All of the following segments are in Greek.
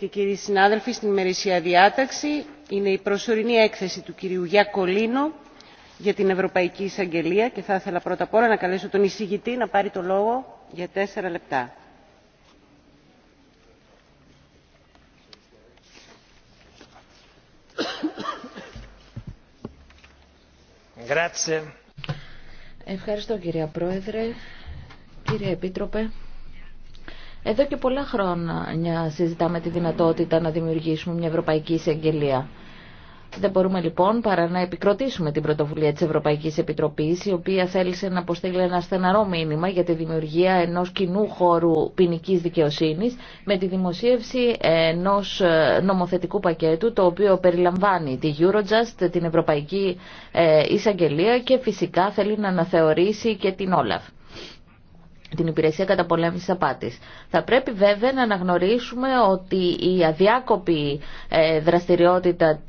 και κύριοι συνάδελφοι, στην ημερήσια διάταξη είναι η προσωρινή έκθεση του κυρίου Γιακολίνο για την Ευρωπαϊκή Εισαγγελία και θα ήθελα πρώτα απ' όλα να καλέσω τον εισηγητή να πάρει το λόγο για τέσσερα λεπτά. Ευχαριστώ κύριε Πρόεδρε, κύριε Επίτροπε. Εδώ και πολλά χρόνια συζητάμε τη δυνατότητα να δημιουργήσουμε μια ευρωπαϊκή εισαγγελία. Δεν μπορούμε λοιπόν παρά να επικροτήσουμε την πρωτοβουλία της Ευρωπαϊκής Επιτροπής η οποία θέλησε να αποστείλει ένα στεναρό μήνυμα για τη δημιουργία ενός κοινού χώρου ποινική δικαιοσύνης με τη δημοσίευση ενός νομοθετικού πακέτου το οποίο περιλαμβάνει τη Eurojust, την Ευρωπαϊκή ε, Εισαγγελία και φυσικά θέλει να αναθεωρήσει και την Όλαφ την υπηρεσία καταπολέμησης απάτης. Θα πρέπει βέβαια να αναγνωρίσουμε ότι η αδιάκοπη ε, δραστηριότητα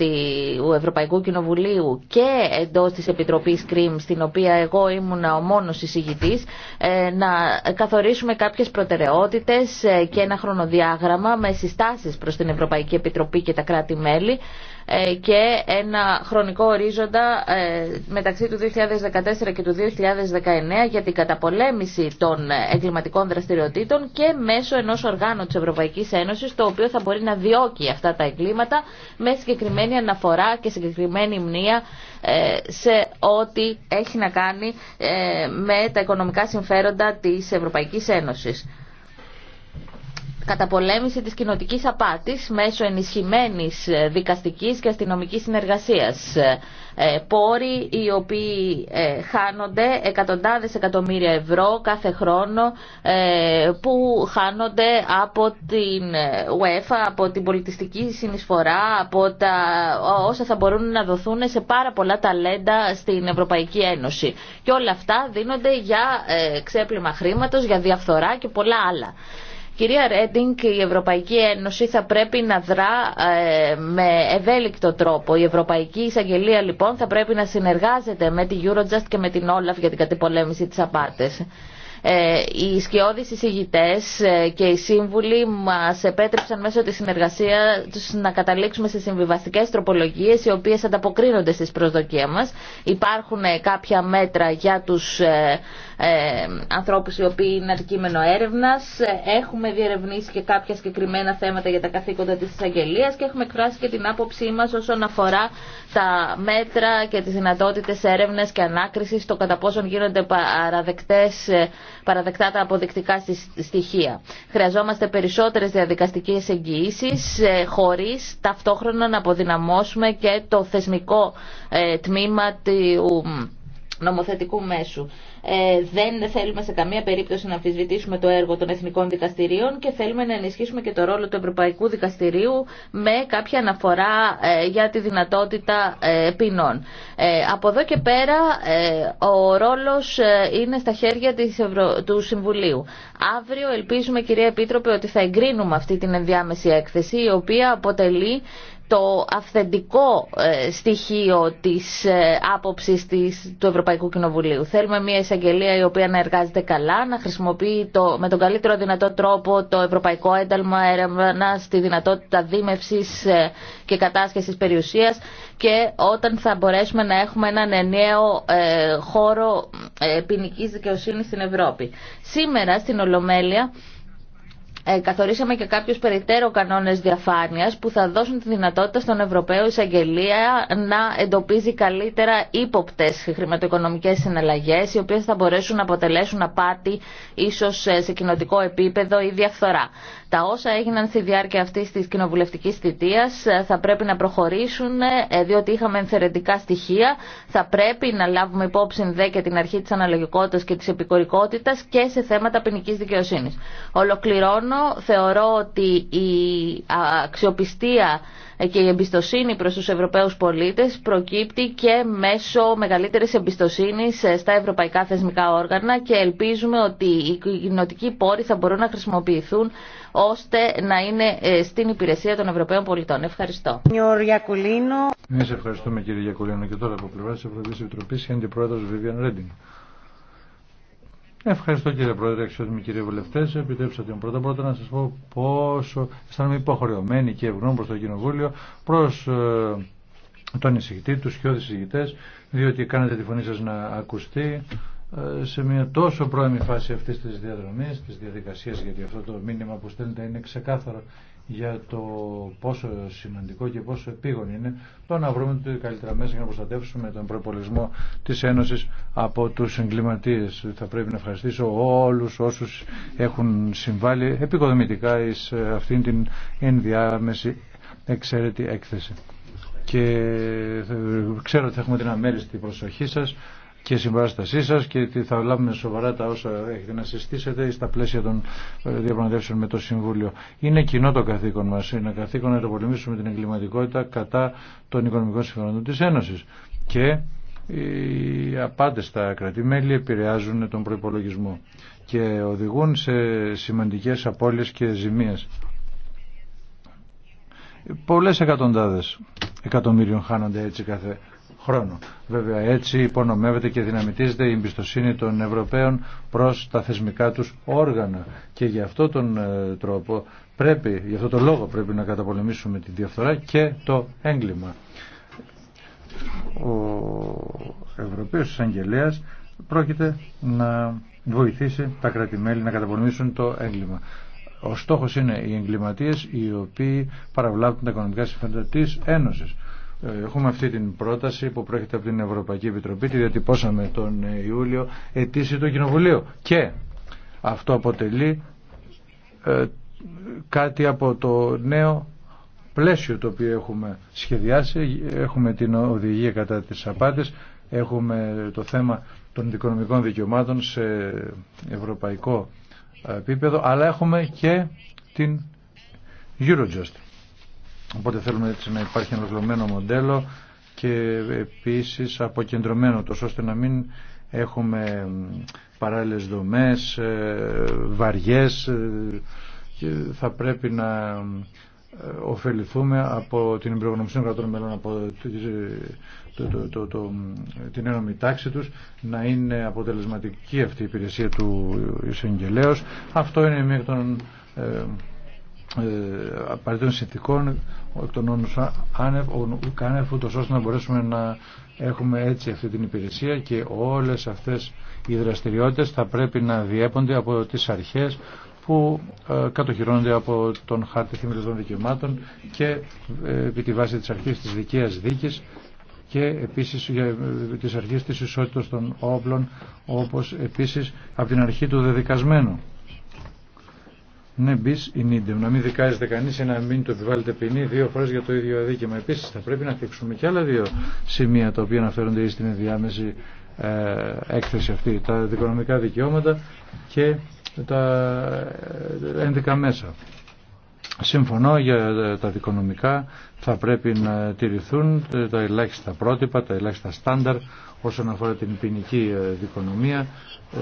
του Ευρωπαϊκού Κοινοβουλίου και εντός της Επιτροπής ΚΡΙΜ, στην οποία εγώ ήμουν ο μόνος εισηγητής, ε, να καθορίσουμε κάποιες προτεραιότητες ε, και ένα χρονοδιάγραμμα με συστάσεις προς την Ευρωπαϊκή Επιτροπή και τα κράτη-μέλη ε, και ένα χρονικό ορίζοντα ε, μεταξύ του 2014 και του 2019 για την καταπολέμηση των εγκληματικών δραστηριοτήτων και μέσω ενός οργάνου της Ευρωπαϊκής Ένωσης το οποίο θα μπορεί να διώκει αυτά τα εγκλήματα με συγκεκριμένη αναφορά και συγκεκριμένη μνήα ε, σε ό,τι έχει να κάνει με τα οικονομικά συμφέροντα της Ευρωπαϊκής Ένωσης καταπολέμηση της κοινοτικής απάτης μέσω ενισχυμένης ε, δικαστικής και αστυνομικής συνεργασίας. Ε, πόροι οι οποίοι ε, χάνονται εκατοντάδες εκατομμύρια ευρώ κάθε χρόνο που χάνονται από την UEFA, από την πολιτιστική συνεισφορά, από τα όσα θα μπορούν να δοθούν σε πάρα πολλά ταλέντα στην Ευρωπαϊκή Ένωση. Και όλα αυτά δίνονται για ξέπλυμα χρήματος, για διαφθορά και πολλά άλλα. Κυρία Ρέντινγκ, η Ευρωπαϊκή Ένωση θα πρέπει να δρά ε, με ευέλικτο τρόπο. Η Ευρωπαϊκή Εισαγγελία λοιπόν θα πρέπει να συνεργάζεται με την Eurojust και με την Όλαφ για την κατεπολέμηση της απάτης. Ε, οι σκιώδεις εισηγητές ε, και οι σύμβουλοι μας επέτρεψαν μέσω της συνεργασίας τους να καταλήξουμε σε συμβιβαστικές τροπολογίες οι οποίες ανταποκρίνονται στις προσδοκίες μας. Υπάρχουν ε, κάποια μέτρα για τους ε, ανθρώπους οι οποίοι είναι αντικείμενο έρευνας. Έχουμε διερευνήσει και κάποια συγκεκριμένα θέματα για τα καθήκοντα της εισαγγελίας και έχουμε εκφράσει και την άποψή μας όσον αφορά τα μέτρα και τις δυνατότητες έρευνες και ανάκρισης το κατά πόσον γίνονται παραδεκτές, παραδεκτά τα αποδεικτικά στοιχεία. Χρειαζόμαστε περισσότερες διαδικαστικές εγγυήσεις ε, χωρίς ταυτόχρονα να αποδυναμώσουμε και το θεσμικό ε, τμήμα του νομοθετικού μέσου. Ε, δεν θέλουμε σε καμία περίπτωση να αμφισβητήσουμε το έργο των εθνικών δικαστηρίων και θέλουμε να ενισχύσουμε και το ρόλο του Ευρωπαϊκού Δικαστηρίου με κάποια αναφορά ε, για τη δυνατότητα ε, ποινών. Από εδώ και πέρα ο ρόλος είναι στα χέρια του Συμβουλίου. Αύριο ελπίζουμε κυρία Επίτροπε ότι θα εγκρίνουμε αυτή την ενδιάμεση έκθεση η οποία αποτελεί το αυθεντικό ε, στοιχείο της ε, άποψης της, του Ευρωπαϊκού Κοινοβουλίου. Θέλουμε μια εισαγγελία η οποία να εργάζεται καλά, να χρησιμοποιεί το, με τον καλύτερο δυνατό τρόπο το Ευρωπαϊκό Ένταλμα έρευνα στη δυνατότητα δίμευσης ε, και κατάσχεσης περιουσίας και όταν θα μπορέσουμε να έχουμε έναν ενιαίο χώρο ε, ποινική δικαιοσύνη στην Ευρώπη. Σήμερα στην Ολομέλεια ε, καθορίσαμε και κάποιους περιττέρω κανόνες διαφάνειας που θα δώσουν τη δυνατότητα στον Ευρωπαίο Εισαγγελία να εντοπίζει καλύτερα ύποπτες χρηματοοικονομικές συναλλαγές οι οποίες θα μπορέσουν να αποτελέσουν απάτη ίσως ε, σε κοινοτικό επίπεδο ή διαφθορά. Τα όσα έγιναν στη διάρκεια αυτής της κοινοβουλευτικής θητείας ε, θα πρέπει να προχωρήσουν ε, διότι είχαμε ενθερετικά στοιχεία. Θα πρέπει να λάβουμε υπόψη δε και την αρχή της αναλογικότητας και της επικορικότητας και σε θέματα ποινική δικαιοσύνης. Ολοκληρώνω, θεωρώ ότι η αξιοπιστία ε, και η εμπιστοσύνη προς τους Ευρωπαίους πολίτες προκύπτει και μέσω μεγαλύτερης εμπιστοσύνης στα ευρωπαϊκά θεσμικά όργανα και ελπίζουμε ότι οι κοινοτικοί πόροι θα μπορούν να χρησιμοποιηθούν ώστε να είναι ε, στην υπηρεσία των Ευρωπαίων πολιτών. Ευχαριστώ. Εμεί ευχαριστούμε κύριε Γιακολίνο και τώρα από πλευρά τη Ευρωπαϊκή Επιτροπή και Αντιπρόεδρο Βίβιαν Ρέντινγκ. Ευχαριστώ κύριε Πρόεδρε, αξιότιμοι κύριε βουλευτέ. Επιτρέψατε μου πρώτα πρώτα να σα πω πόσο αισθάνομαι υποχρεωμένοι και ευγνώμη προ το Κοινοβούλιο, προ ε, τον εισηγητή, του σκιώδη εισηγητέ, διότι κάνετε τη φωνή σα να ακουστεί. Ε, σε μια τόσο πρώιμη φάση αυτής της διαδρομής, της διαδικασίας, γιατί αυτό το μήνυμα που στέλνετε είναι ξεκάθαρο για το πόσο σημαντικό και πόσο επίγον είναι το να βρούμε το καλύτερα μέσα για να προστατεύσουμε τον προπολισμό της Ένωσης από τους εγκληματίες. Θα πρέπει να ευχαριστήσω όλους όσους έχουν συμβάλει επικοδομητικά σε αυτήν την ενδιάμεση εξαίρετη έκθεση. Και ε, ξέρω ότι θα έχουμε την αμέριστη προσοχή σας και συμπαράστασή σα και ότι θα λάβουμε σοβαρά τα όσα έχετε να συστήσετε στα πλαίσια των ε, διαπραγματεύσεων με το Συμβούλιο. Είναι κοινό το καθήκον μας, είναι καθήκον να πολεμήσουμε την εγκληματικότητα κατά των οικονομικών συμφωνών τη Ένωση. Και οι απάντε στα κρατημέλη επηρεάζουν τον προπολογισμό και οδηγούν σε σημαντικέ απώλειε και ζημίες. Πολλές εκατοντάδες εκατομμύριων χάνονται έτσι κάθε χρόνο. Βέβαια έτσι υπονομεύεται και δυναμητίζεται η εμπιστοσύνη των Ευρωπαίων προς τα θεσμικά τους όργανα και γι' αυτό τον ε, τρόπο πρέπει, γι' αυτό τον λόγο πρέπει να καταπολεμήσουμε τη διαφθορά και το έγκλημα. Ο Ευρωπαίος Εισαγγελέας πρόκειται να βοηθήσει τα κράτη-μέλη να καταπολεμήσουν το έγκλημα. Ο στόχος είναι οι εγκληματίες οι οποίοι παραβλάπτουν τα οικονομικά συμφέροντα της Ένωσης. Ε, έχουμε αυτή την πρόταση που πρόκειται από την Ευρωπαϊκή Επιτροπή, τη διατυπώσαμε τον ε, Ιούλιο, ετήσει το Κοινοβουλίο. Και αυτό αποτελεί ε, κάτι από το νέο πλαίσιο το οποίο έχουμε σχεδιάσει. Έχουμε την οδηγία κατά τις απάτες, έχουμε το θέμα των οικονομικών δικαιωμάτων σε ευρωπαϊκό επίπεδο, αλλά έχουμε και την Eurojust. Οπότε θέλουμε έτσι να υπάρχει ένα ολοκληρωμένο μοντέλο και επίσης αποκεντρωμένο τόσο ώστε να μην έχουμε παράλληλες δομές, ε, βαριές ε, και θα πρέπει να ε, ωφεληθούμε από την υπηρεγνωμοσύνη των κρατών μελών από το, την ένωμη τάξη τους να είναι αποτελεσματική αυτή η υπηρεσία του εισαγγελέως. Αυτό είναι μία εκ ε, απαραίτητων συνθηκών εκ των όνους άνευ, ώστε να μπορέσουμε να έχουμε έτσι αυτή την υπηρεσία και όλες αυτές οι δραστηριότητες θα πρέπει να διέπονται από τις αρχές που ε, κατοχυρώνονται από τον χάρτη θεμελιωδών δικαιωμάτων και ε, επί τη βάση της αρχής της δικαίας δίκης και επίσης για τις αρχές της ισότητας των όπλων όπως επίσης από την αρχή του δεδικασμένου. Ναι, μπει Να μην δικάζεται κανεί ή να μην του επιβάλλεται ποινή δύο φορέ για το ίδιο αδίκημα. Επίση, θα πρέπει να θίξουμε και άλλα δύο σημεία τα οποία αναφέρονται στην ενδιάμεση ε, έκθεση αυτή. Τα δικονομικά δικαιώματα και τα ε, ένδικα μέσα. Συμφωνώ για τα δικονομικά, θα πρέπει να τηρηθούν τα ελάχιστα πρότυπα, τα ελάχιστα στάνταρ όσον αφορά την ποινική ε, δικονομία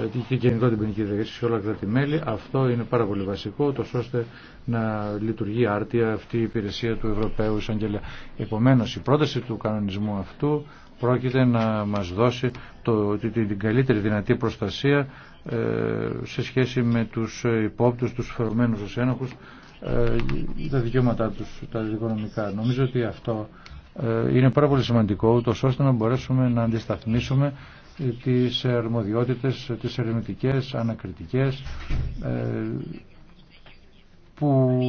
ε, και γενικό την ποινική διαδικασία σε όλα τα μέλη. Αυτό είναι πάρα πολύ βασικό, τόσο ώστε να λειτουργεί άρτια αυτή η υπηρεσία του Ευρωπαίου Εισαγγελία. Επομένω, η πρόταση του κανονισμού αυτού πρόκειται να μας δώσει το, την καλύτερη δυνατή προστασία ε, σε σχέση με τους υπόπτους, τους φερομένους ως ένοχους ε, τα δικαιώματά τους, τα οικονομικά. Νομίζω ότι αυτό ε, είναι πάρα πολύ σημαντικό, ούτω ώστε να μπορέσουμε να αντισταθμίσουμε ε, τις αρμοδιότητες, τις ερευνητικές, ανακριτικές που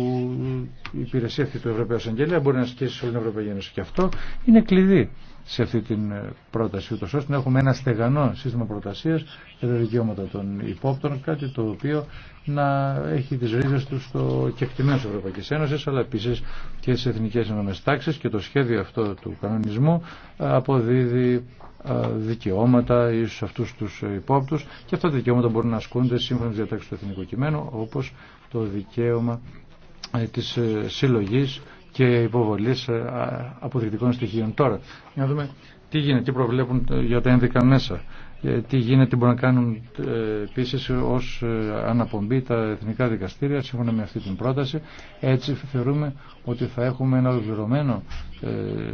η υπηρεσία αυτή του Ευρωπαίου Αγγελία μπορεί να ασκήσει σε όλη την Ευρωπαϊκή Ένωση. Και αυτό είναι κλειδί σε αυτή την ε, πρόταση, ούτως ώστε να έχουμε ένα στεγανό σύστημα προτασίας για τα δικαιώματα των υπόπτων, κάτι το οποίο να έχει τις ρίζες του στο κεκτημένο της Ευρωπαϊκής Ένωσης, αλλά επίσης και στις εθνικές ενόμες τάξεις και το σχέδιο αυτό του κανονισμού ε, αποδίδει ε, δικαιώματα ή αυτούς τους υπόπτους και αυτά τα δικαιώματα μπορούν να ασκούνται σύμφωνα με διατάξεις του εθνικού κειμένου, όπως το δικαίωμα της συλλογής και υποβολή ε, αποδεικτικών στοιχείων. Τώρα, να δούμε τι γίνεται, τι προβλέπουν ε, για τα ένδικα μέσα, ε, τι γίνεται, τι μπορούν να κάνουν επίση ω αναπομπή τα εθνικά δικαστήρια, σύμφωνα με αυτή την πρόταση. Έτσι θεωρούμε ότι θα έχουμε ένα ολοκληρωμένο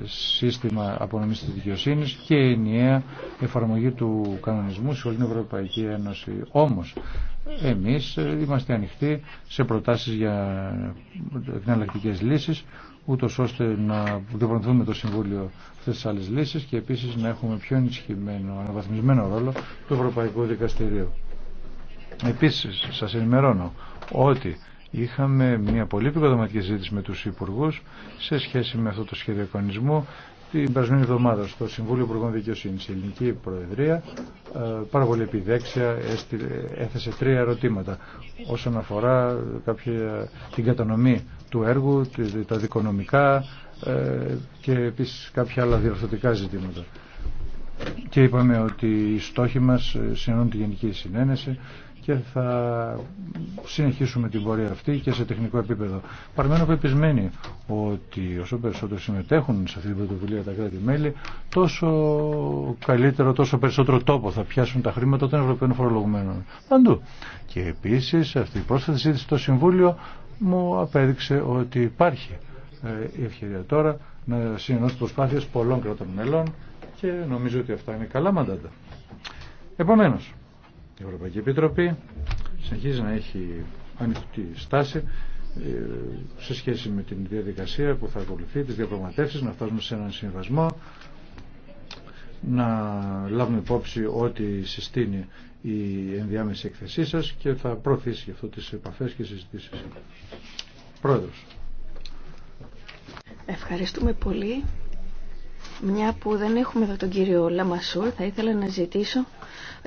σύστημα απονομή τη δικαιοσύνη και ενιαία εφαρμογή του κανονισμού σε όλη την Ευρωπαϊκή Ένωση. Όμω εμείς ε, είμαστε ανοιχτοί σε προτάσεις για εναλλακτικέ λύσεις ούτως ώστε να διαπραγματευτούμε το Συμβούλιο αυτέ τι άλλε λύσεις και επίσης να έχουμε πιο ενισχυμένο, αναβαθμισμένο ρόλο του Ευρωπαϊκού Δικαστηρίου. Επίσης, σας ενημερώνω ότι είχαμε μια πολύ επικοδοματική συζήτηση με τους υπουργούς σε σχέση με αυτό το σχέδιο εικονισμού την περασμένη εβδομάδα στο Συμβούλιο Υπουργών Δικαιοσύνη η Ελληνική Προεδρία ε, πάρα πολύ επιδέξια έθεσε τρία ερωτήματα όσον αφορά κάποια, την κατανομή του έργου, τα δικονομικά ε, και επίσης κάποια άλλα διορθωτικά ζητήματα. Και είπαμε ότι οι στόχοι μας ε, συνενούν τη Γενική Συνένεση και θα συνεχίσουμε την πορεία αυτή και σε τεχνικό επίπεδο. Παραμένω πεπισμένοι ότι όσο περισσότερο συμμετέχουν σε αυτή την πρωτοβουλία τα κράτη-μέλη, τόσο καλύτερο, τόσο περισσότερο τόπο θα πιάσουν τα χρήματα των Ευρωπαίων φορολογουμένων. Παντού. Και επίση αυτή η πρόσφατη ζήτηση στο Συμβούλιο μου απέδειξε ότι υπάρχει ε, η ευκαιρία τώρα να συνενώσει προσπάθειε πολλών κρατών μελών και νομίζω ότι αυτά είναι καλά μαντάτα. Επομένως, η Ευρωπαϊκή Επιτροπή συνεχίζει να έχει ανοιχτή στάση ε, σε σχέση με την διαδικασία που θα ακολουθεί, τις διαπραγματεύσεις, να φτάσουμε σε έναν συμβασμό, να λάβουμε υπόψη ό,τι συστήνει η ενδιάμεση εκθεσή σας και θα προωθήσει αυτό τις επαφές και συζητήσεις. Πρόεδρος. Ευχαριστούμε πολύ. Μια που δεν έχουμε εδώ τον κύριο Λαμασούρ, θα ήθελα να ζητήσω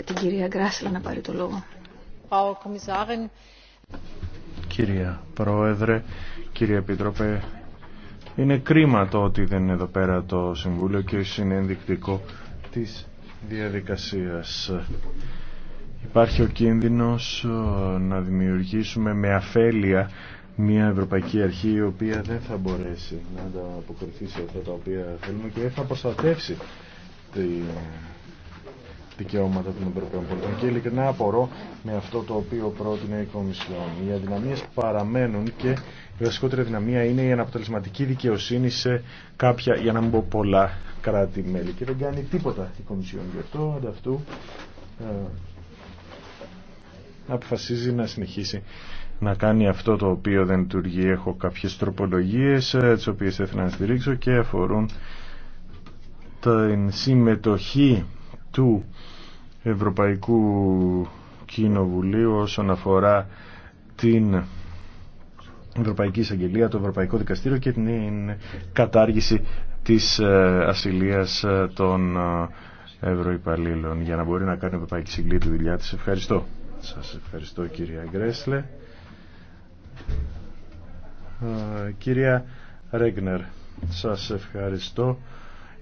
την κυρία Γκράσλα να πάρει το λόγο. Κυρία Πρόεδρε, κύριε Επίτροπε, είναι κρίμα το ότι δεν είναι εδώ πέρα το Συμβούλιο και είναι ενδεικτικό της διαδικασίας. Υπάρχει ο κίνδυνος ε, να δημιουργήσουμε με αφέλεια μια Ευρωπαϊκή Αρχή η οποία δεν θα μπορέσει να ανταποκριθεί σε αυτά τα οποία θέλουμε και θα προστατεύσει την δικαιώματα των Ευρωπαίων πολιτών και ειλικρινά απορώ με αυτό το οποίο πρότεινε η Κομισιόν. Οι αδυναμίε παραμένουν και η βασικότερη αδυναμία είναι η αναποτελεσματική δικαιοσύνη σε κάποια, για να μην πω πολλά, κράτη-μέλη. Και δεν κάνει τίποτα η Κομισιόν γι' αυτό, ανταυτού ε, αποφασίζει να συνεχίσει να κάνει αυτό το οποίο δεν λειτουργεί. Έχω κάποιες τροπολογίες, ε, τις οποίες θα ήθελα να στηρίξω και αφορούν την συμμετοχή του Ευρωπαϊκού Κοινοβουλίου όσον αφορά την Ευρωπαϊκή Εισαγγελία, το Ευρωπαϊκό Δικαστήριο και την κατάργηση της ε, ασυλίας ε, των ε, ευρωϊπαλλήλων για να μπορεί να κάνει η Ευρωπαϊκή τη δουλειά της. Ευχαριστώ. Σας ευχαριστώ κυρία Γκρέσλε. Κυρία Ρέγνερ, σας ευχαριστώ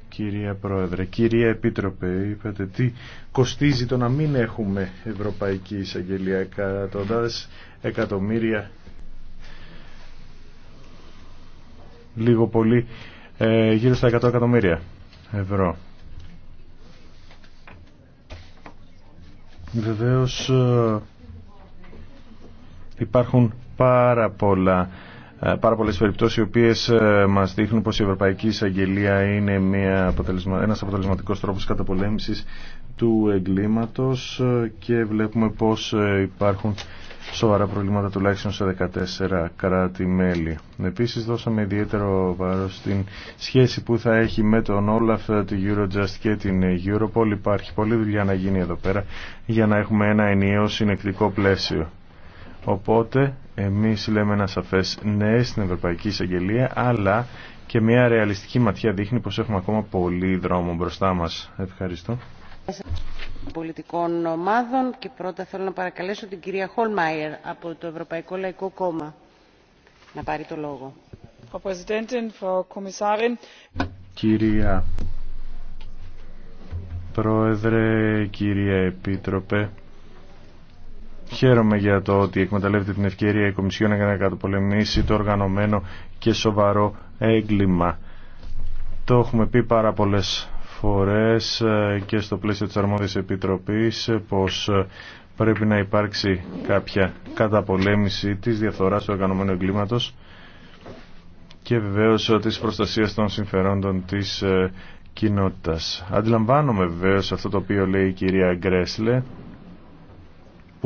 κυρία Πρόεδρε. Κυρία Επίτροπε, είπατε τι κοστίζει το να μην έχουμε Ευρωπαϊκή Εισαγγελία. Εκατοντάδες εκατομμύρια λίγο πολύ ε, γύρω στα 100 εκατομμύρια ευρώ. Βεβαίως ε, υπάρχουν πάρα πολλά ε, πάρα πολλέ περιπτώσει οι οποίε ε, μα δείχνουν πω η Ευρωπαϊκή Εισαγγελία είναι αποτελεσμα... ένα αποτελεσματικό τρόπο καταπολέμηση του εγκλήματο ε, και βλέπουμε πω υπάρχουν σοβαρά προβλήματα τουλάχιστον σε 14 κράτη-μέλη. Επίση δώσαμε ιδιαίτερο βαρό στην σχέση που θα έχει με τον Όλαφ, τη Eurojust και την Europol. Υπάρχει πολλή δουλειά να γίνει εδώ πέρα για να έχουμε ένα ενιαίο συνεκτικό πλαίσιο. Οπότε εμείς λέμε ένα σαφές ναι στην Ευρωπαϊκή Εισαγγελία, αλλά και μια ρεαλιστική ματιά δείχνει πως έχουμε ακόμα πολύ δρόμο μπροστά μας. Ευχαριστώ. Πολιτικών ομάδων και πρώτα θέλω να παρακαλέσω την κυρία Χολμάιερ από το Ευρωπαϊκό Λαϊκό Κόμμα να πάρει το λόγο. Κυρία Πρόεδρε, κύριε Επίτροπε, Χαίρομαι για το ότι εκμεταλλεύεται την ευκαιρία η Κομισιόν να καταπολεμήσει το οργανωμένο και σοβαρό έγκλημα. Το έχουμε πει πάρα πολλές φορές ε, και στο πλαίσιο της Αρμόδιας Επιτροπής ε, πως ε, πρέπει να υπάρξει κάποια καταπολέμηση της διαφθοράς του οργανωμένου εγκλήματος και βεβαίως της προστασίας των συμφερόντων της κοινότητας. Αντιλαμβάνομαι βεβαίως αυτό το οποίο λέει η κυρία Γκρέσλε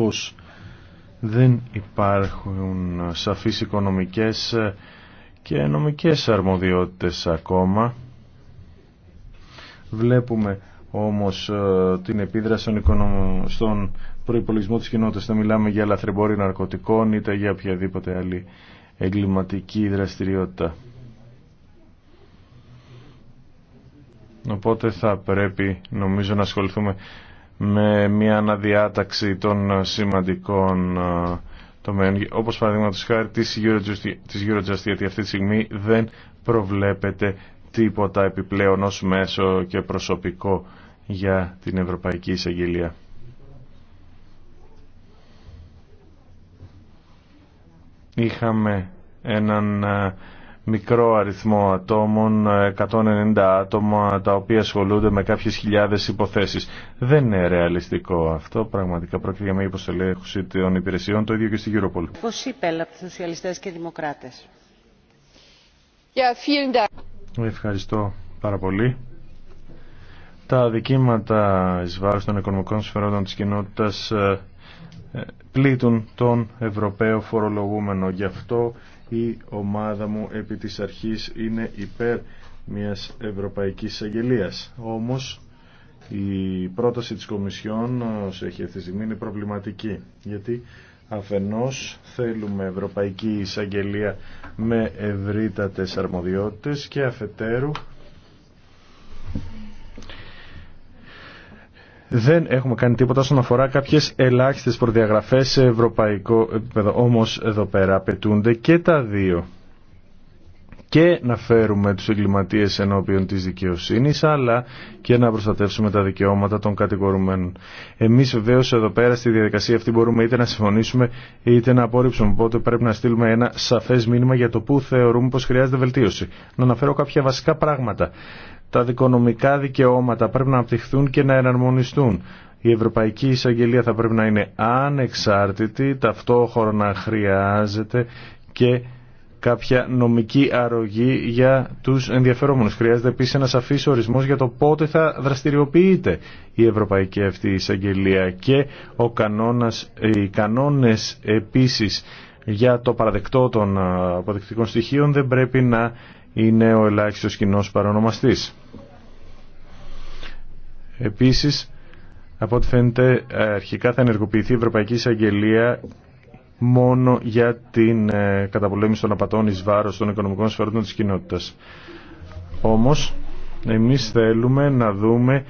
πως δεν υπάρχουν σαφείς οικονομικές και νομικές αρμοδιότητες ακόμα. Βλέπουμε όμως ε, την επίδραση στον προϋπολογισμό της κοινότητας. Δεν μιλάμε για λαθρεμπόρη ναρκωτικών είτε για οποιαδήποτε άλλη εγκληματική δραστηριότητα. Οπότε θα πρέπει νομίζω να ασχοληθούμε με μια αναδιάταξη των σημαντικών ε, τομέων, όπως παραδείγματο χάρη της Eurojust, της Eurojust, γιατί αυτή τη στιγμή δεν προβλέπεται τίποτα επιπλέον ως μέσο και προσωπικό για την Ευρωπαϊκή Εισαγγελία. Είχαμε έναν ε, μικρό αριθμό ατόμων, 190 άτομα τα οποία ασχολούνται με κάποιες χιλιάδες υποθέσεις. Δεν είναι ρεαλιστικό αυτό, πραγματικά πρόκειται για μια υποστελέχωση των υπηρεσιών, το ίδιο και στη Europol. Πώς είπε από σοσιαλιστές και δημοκράτες. Ευχαριστώ πάρα πολύ. Τα δικήματα εις βάρος των οικονομικών συμφερόντων της κοινότητας ε, ε, πλήττουν τον Ευρωπαίο φορολογούμενο. Γι' αυτό η ομάδα μου επί της αρχής είναι υπέρ μιας ευρωπαϊκής αγγελίας. Όμως η πρόταση της Κομισιόν ε, όσο έχει αυτή τη είναι προβληματική γιατί αφενός θέλουμε ευρωπαϊκή εισαγγελία με ευρύτατες αρμοδιότητες και αφετέρου δεν έχουμε κάνει τίποτα όσον αφορά κάποιες ελάχιστες προδιαγραφές σε ευρωπαϊκό επίπεδο. Όμως εδώ πέρα απαιτούνται και τα δύο και να φέρουμε τους εγκληματίες ενώπιον της δικαιοσύνης αλλά και να προστατεύσουμε τα δικαιώματα των κατηγορουμένων. Εμείς βεβαίως εδώ πέρα στη διαδικασία αυτή μπορούμε είτε να συμφωνήσουμε είτε να απόρριψουμε οπότε πρέπει να στείλουμε ένα σαφές μήνυμα για το που θεωρούμε πως χρειάζεται βελτίωση. Να αναφέρω κάποια βασικά πράγματα. Τα δικονομικά δικαιώματα πρέπει να απτυχθούν και να εναρμονιστούν. Η Ευρωπαϊκή Εισαγγελία θα πρέπει να είναι ανεξάρτητη, ταυτόχρονα χρειάζεται και κάποια νομική αρρωγή για τους ενδιαφερόμενους. Χρειάζεται επίσης ένα σαφής ορισμός για το πότε θα δραστηριοποιείται η Ευρωπαϊκή αυτή εισαγγελία και ο κανόνας, οι κανόνες επίσης για το παραδεκτό των αποδεκτικών στοιχείων δεν πρέπει να είναι ο ελάχιστος κοινό παρονομαστής. Επίσης, από ό,τι φαίνεται, αρχικά θα ενεργοποιηθεί η Ευρωπαϊκή Εισαγγελία μόνο για την ε, καταπολέμηση των απατών εις βάρος των οικονομικών σφαίρων της κοινότητας. Όμως, εμείς θέλουμε να δούμε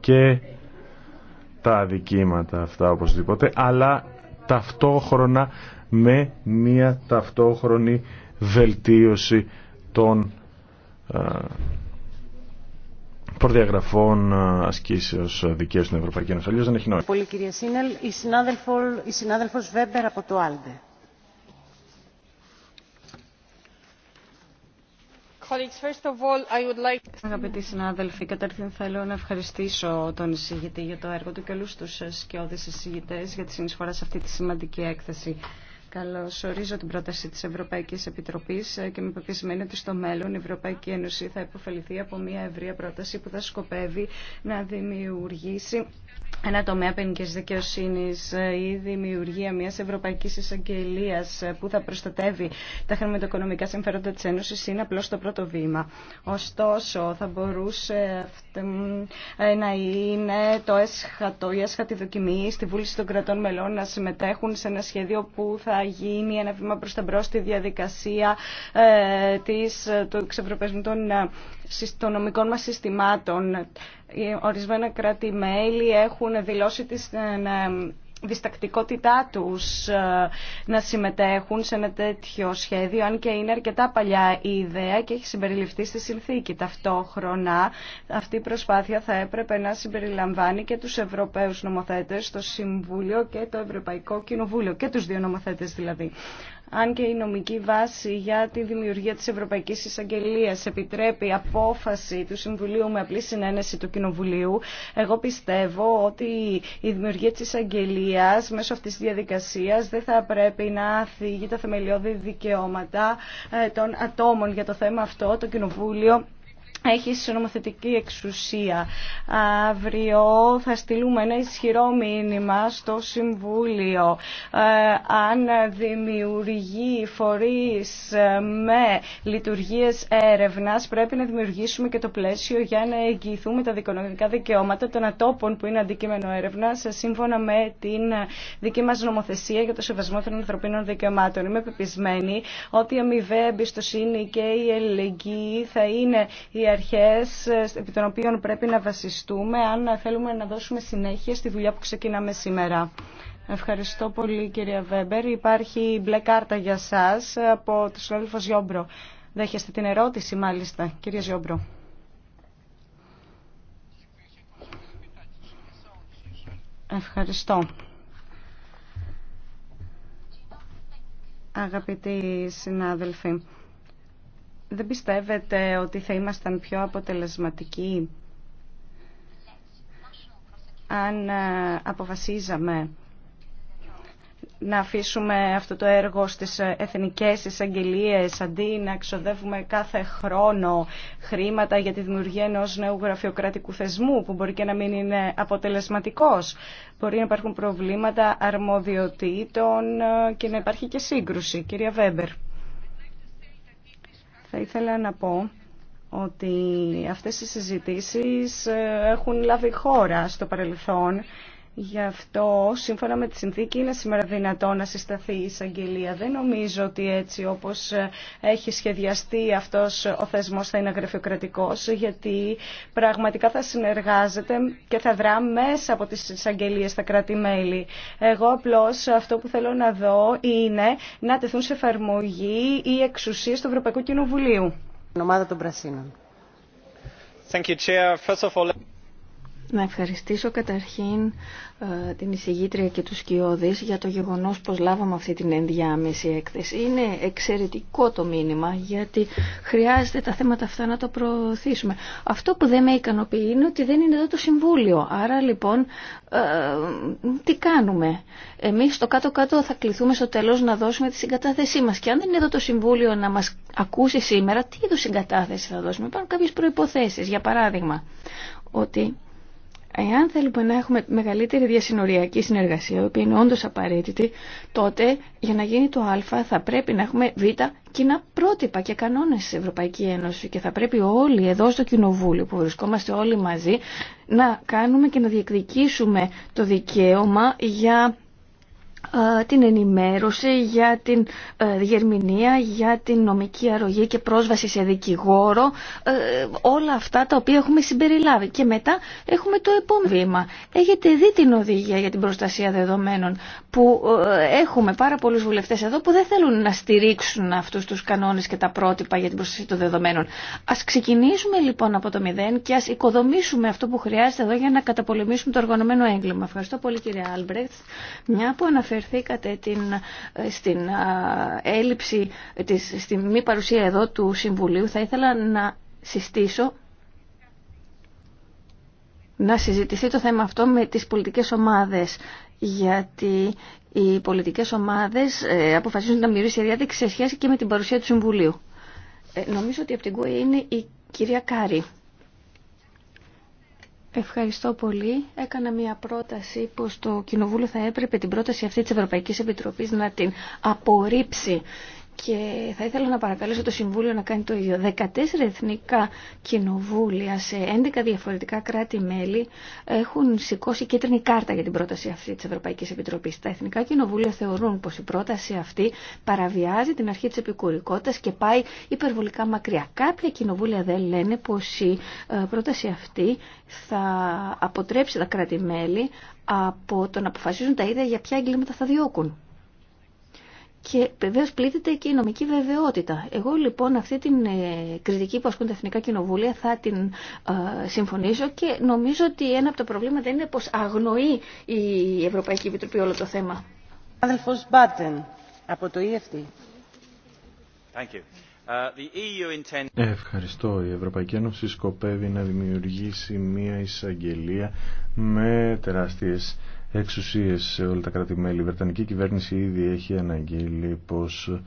και τα αδικήματα αυτά οπωσδήποτε, αλλά ταυτόχρονα με μια ταυτόχρονη βελτίωση των ε, προδιαγραφών ε, ασκήσεως ε, δικές στην Ευρωπαϊκή Ένωση. Αλλιώς δεν έχει νόημα. Πολύ Η, συνάδελφο, Βέμπερ από το Άλντε. Αγαπητοί συνάδελφοι, καταρχήν θέλω να ευχαριστήσω τον εισηγητή για το έργο του και όλους τους σκιώδεις εισηγητές για τη συνεισφορά σε αυτή τη σημαντική έκθεση. Καλώς ορίζω την πρόταση της Ευρωπαϊκής Επιτροπής ε, και με πεπισμένη ότι στο μέλλον η Ευρωπαϊκή Ένωση θα υποφεληθεί από μια ευρεία πρόταση που θα σκοπεύει να δημιουργήσει ένα τομέα ποινική δικαιοσύνη ή ε, δημιουργία μια Ευρωπαϊκή Εισαγγελία ε, που θα προστατεύει τα χρηματοοικονομικά συμφέροντα τη Ένωση είναι απλώ το πρώτο βήμα. Ωστόσο, θα μπορούσε να είναι το έσχατο, η έσχατη δοκιμή στη βούληση των κρατών μελών να συμμετέχουν σε ένα σχέδιο που θα γίνει ένα βήμα προς τα μπρος στη διαδικασία ε, της, ε, του των, ε, των νομικών μας συστημάτων. Ε, ορισμένα κράτη-μέλη έχουν δηλώσει τις διστακτικότητά τους ε, να συμμετέχουν σε ένα τέτοιο σχέδιο, αν και είναι αρκετά παλιά η ιδέα και έχει συμπεριληφθεί στη συνθήκη. Ταυτόχρονα αυτή η προσπάθεια θα έπρεπε να συμπεριλαμβάνει και τους Ευρωπαίους νομοθέτες, το Συμβούλιο και το Ευρωπαϊκό Κοινοβούλιο, και τους δύο νομοθέτες δηλαδή αν και η νομική βάση για τη δημιουργία της Ευρωπαϊκής Εισαγγελίας επιτρέπει απόφαση του Συμβουλίου με απλή συνένεση του Κοινοβουλίου, εγώ πιστεύω ότι η δημιουργία της Εισαγγελίας μέσω αυτής της διαδικασίας δεν θα πρέπει να θίγει τα θεμελιώδη δικαιώματα ε, των ατόμων για το θέμα αυτό. Το Κοινοβούλιο έχει νομοθετική εξουσία. Αύριο θα στείλουμε ένα ισχυρό μήνυμα στο Συμβούλιο. Ε, αν δημιουργεί φορείς ε, με λειτουργίες έρευνας, πρέπει να δημιουργήσουμε και το πλαίσιο για να εγγυηθούμε τα δικονομικά δικαιώματα των ατόπων που είναι αντικείμενο έρευνας, ε, σύμφωνα με την δική μας νομοθεσία για το σεβασμό των ανθρωπίνων δικαιωμάτων. Είμαι πεπισμένη ότι η αμοιβαία εμπιστοσύνη και η ελεγγύη θα είναι η αρχές ε, επί των οποίων πρέπει να βασιστούμε αν θέλουμε να δώσουμε συνέχεια στη δουλειά που ξεκινάμε σήμερα. Ευχαριστώ πολύ κυρία Βέμπερ. Υπάρχει μπλε κάρτα για σας από τον συνάδελφο Ζιόμπρο. Δέχεστε την ερώτηση μάλιστα, κύριε Ζιόμπρο. Ευχαριστώ. Αγαπητοί συνάδελφοι, δεν πιστεύετε ότι θα ήμασταν πιο αποτελεσματικοί αν ε, αποφασίζαμε να αφήσουμε αυτό το έργο στις ε, εθνικές εισαγγελίε αντί να εξοδεύουμε κάθε χρόνο χρήματα για τη δημιουργία ενός νέου γραφειοκρατικού θεσμού που μπορεί και να μην είναι αποτελεσματικός. Μπορεί να υπάρχουν προβλήματα αρμοδιοτήτων ε, και να υπάρχει και σύγκρουση. Κυρία Βέμπερ. Θα ήθελα να πω ότι αυτές οι συζητήσεις ε, έχουν λάβει χώρα στο παρελθόν Γι' αυτό, σύμφωνα με τη συνθήκη, είναι σήμερα δυνατό να συσταθεί η εισαγγελία. Δεν νομίζω ότι έτσι όπως ε, έχει σχεδιαστεί αυτός ο θεσμός θα είναι γραφειοκρατικός, γιατί πραγματικά θα συνεργάζεται και θα δρά μέσα από τις εισαγγελίες στα κράτη-μέλη. Εγώ απλώς αυτό που θέλω να δω είναι να τεθούν σε εφαρμογή οι εξουσίες του Ευρωπαϊκού Κοινοβουλίου. Ομάδα των Πρασίνων. Thank you, Chair. First of all... Να ευχαριστήσω καταρχήν ε, την εισηγήτρια και τους Κιώδης για το γεγονός πως λάβαμε αυτή την ενδιάμεση έκθεση. Είναι εξαιρετικό το μήνυμα γιατί χρειάζεται τα θέματα αυτά να το προωθήσουμε. Αυτό που δεν με ικανοποιεί είναι ότι δεν είναι εδώ το Συμβούλιο. Άρα λοιπόν ε, τι κάνουμε. Εμείς στο κάτω-κάτω θα κληθούμε στο τέλος να δώσουμε τη συγκατάθεσή μας. Και αν δεν είναι εδώ το Συμβούλιο να μας ακούσει σήμερα, τι είδου συγκατάθεση θα δώσουμε. Υπάρχουν κάποιε προϋποθέσεις. Για παράδειγμα, ότι Εάν θέλουμε να έχουμε μεγαλύτερη διασυνοριακή συνεργασία, η οποία είναι όντω απαραίτητη, τότε για να γίνει το Α θα πρέπει να έχουμε Β κοινά πρότυπα και κανόνες στην Ευρωπαϊκή Ένωση και θα πρέπει όλοι εδώ στο Κοινοβούλιο που βρισκόμαστε όλοι μαζί να κάνουμε και να διεκδικήσουμε το δικαίωμα για την ενημέρωση, για την ε, διερμηνία, για την νομική αρρωγή και πρόσβαση σε δικηγόρο, ε, όλα αυτά τα οποία έχουμε συμπεριλάβει. Και μετά έχουμε το επόμενο βήμα. Έχετε δει την οδηγία για την προστασία δεδομένων που ε, έχουμε πάρα πολλούς βουλευτές εδώ που δεν θέλουν να στηρίξουν αυτούς τους κανόνες και τα πρότυπα για την προστασία των δεδομένων. Ας ξεκινήσουμε λοιπόν από το μηδέν και ας οικοδομήσουμε αυτό που χρειάζεται εδώ για να καταπολεμήσουμε το οργανωμένο έγκλημα. Ευχαριστώ πολύ κύριε Άλμπρεχτ. Μια που αναφερθήκατε την, στην έλλειψη, της, στη μη παρουσία εδώ του Συμβουλίου, θα ήθελα να συστήσω να συζητηθεί το θέμα αυτό με τις πολιτικές ομάδες, γιατί οι πολιτικές ομάδες ε, αποφασίζουν να μυρίσει η διάδειξη σε σχέση και με την παρουσία του Συμβουλίου. Ε, νομίζω ότι από την ΚΟΕ είναι η κυρία Κάρη. Ευχαριστώ πολύ. Έκανα μια πρόταση πως το Κοινοβούλιο θα έπρεπε την πρόταση αυτή της Ευρωπαϊκής Επιτροπής να την απορρίψει και θα ήθελα να παρακαλέσω το Συμβούλιο να κάνει το ίδιο. 14 εθνικά κοινοβούλια σε 11 διαφορετικά κράτη-μέλη έχουν σηκώσει κίτρινη κάρτα για την πρόταση αυτή τη Ευρωπαϊκή Επιτροπή. Τα εθνικά κοινοβούλια θεωρούν πω η πρόταση αυτή παραβιάζει την αρχή τη επικουρικότητα και πάει υπερβολικά μακριά. Κάποια κοινοβούλια δεν λένε πω η ε, πρόταση αυτή θα αποτρέψει τα κράτη-μέλη από το να αποφασίζουν τα ίδια για ποια εγκλήματα θα διώκουν και βεβαίω πλήττεται και η νομική βεβαιότητα. Εγώ λοιπόν αυτή την ε, κριτική που ασκούν τα εθνικά κοινοβούλια θα την ε, συμφωνήσω και νομίζω ότι ένα από τα προβλήματα είναι πως αγνοεί η Ευρωπαϊκή Επιτροπή όλο το θέμα. Αδελφός Μπάτεν, από το EFT. Thank you. Uh, e Ευχαριστώ. Η Ευρωπαϊκή Ένωση σκοπεύει να δημιουργήσει μια εισαγγελία με τεράστιες εξουσίες σε όλα τα κράτη-μέλη. Η Βρετανική κυβέρνηση ήδη έχει αναγγείλει πως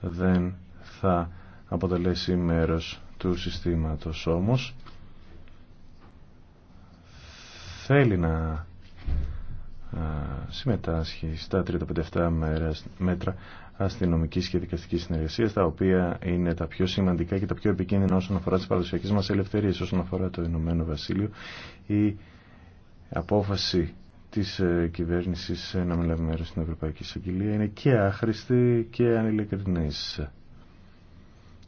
δεν θα αποτελέσει μέρος του συστήματος όμως. Θέλει να συμμετάσχει στα 357 μέτρα αστυνομική και δικαστική συνεργασία, τα οποία είναι τα πιο σημαντικά και τα πιο επικίνδυνα όσον αφορά τι παραδοσιακέ μα ελευθερίε. Όσον αφορά το Ηνωμένο Βασίλειο, η απόφαση της ε, κυβέρνησης ε, να μιλάμε μέρος στην Ευρωπαϊκή Εισαγγελία είναι και άχρηστη και ανηλικρινής.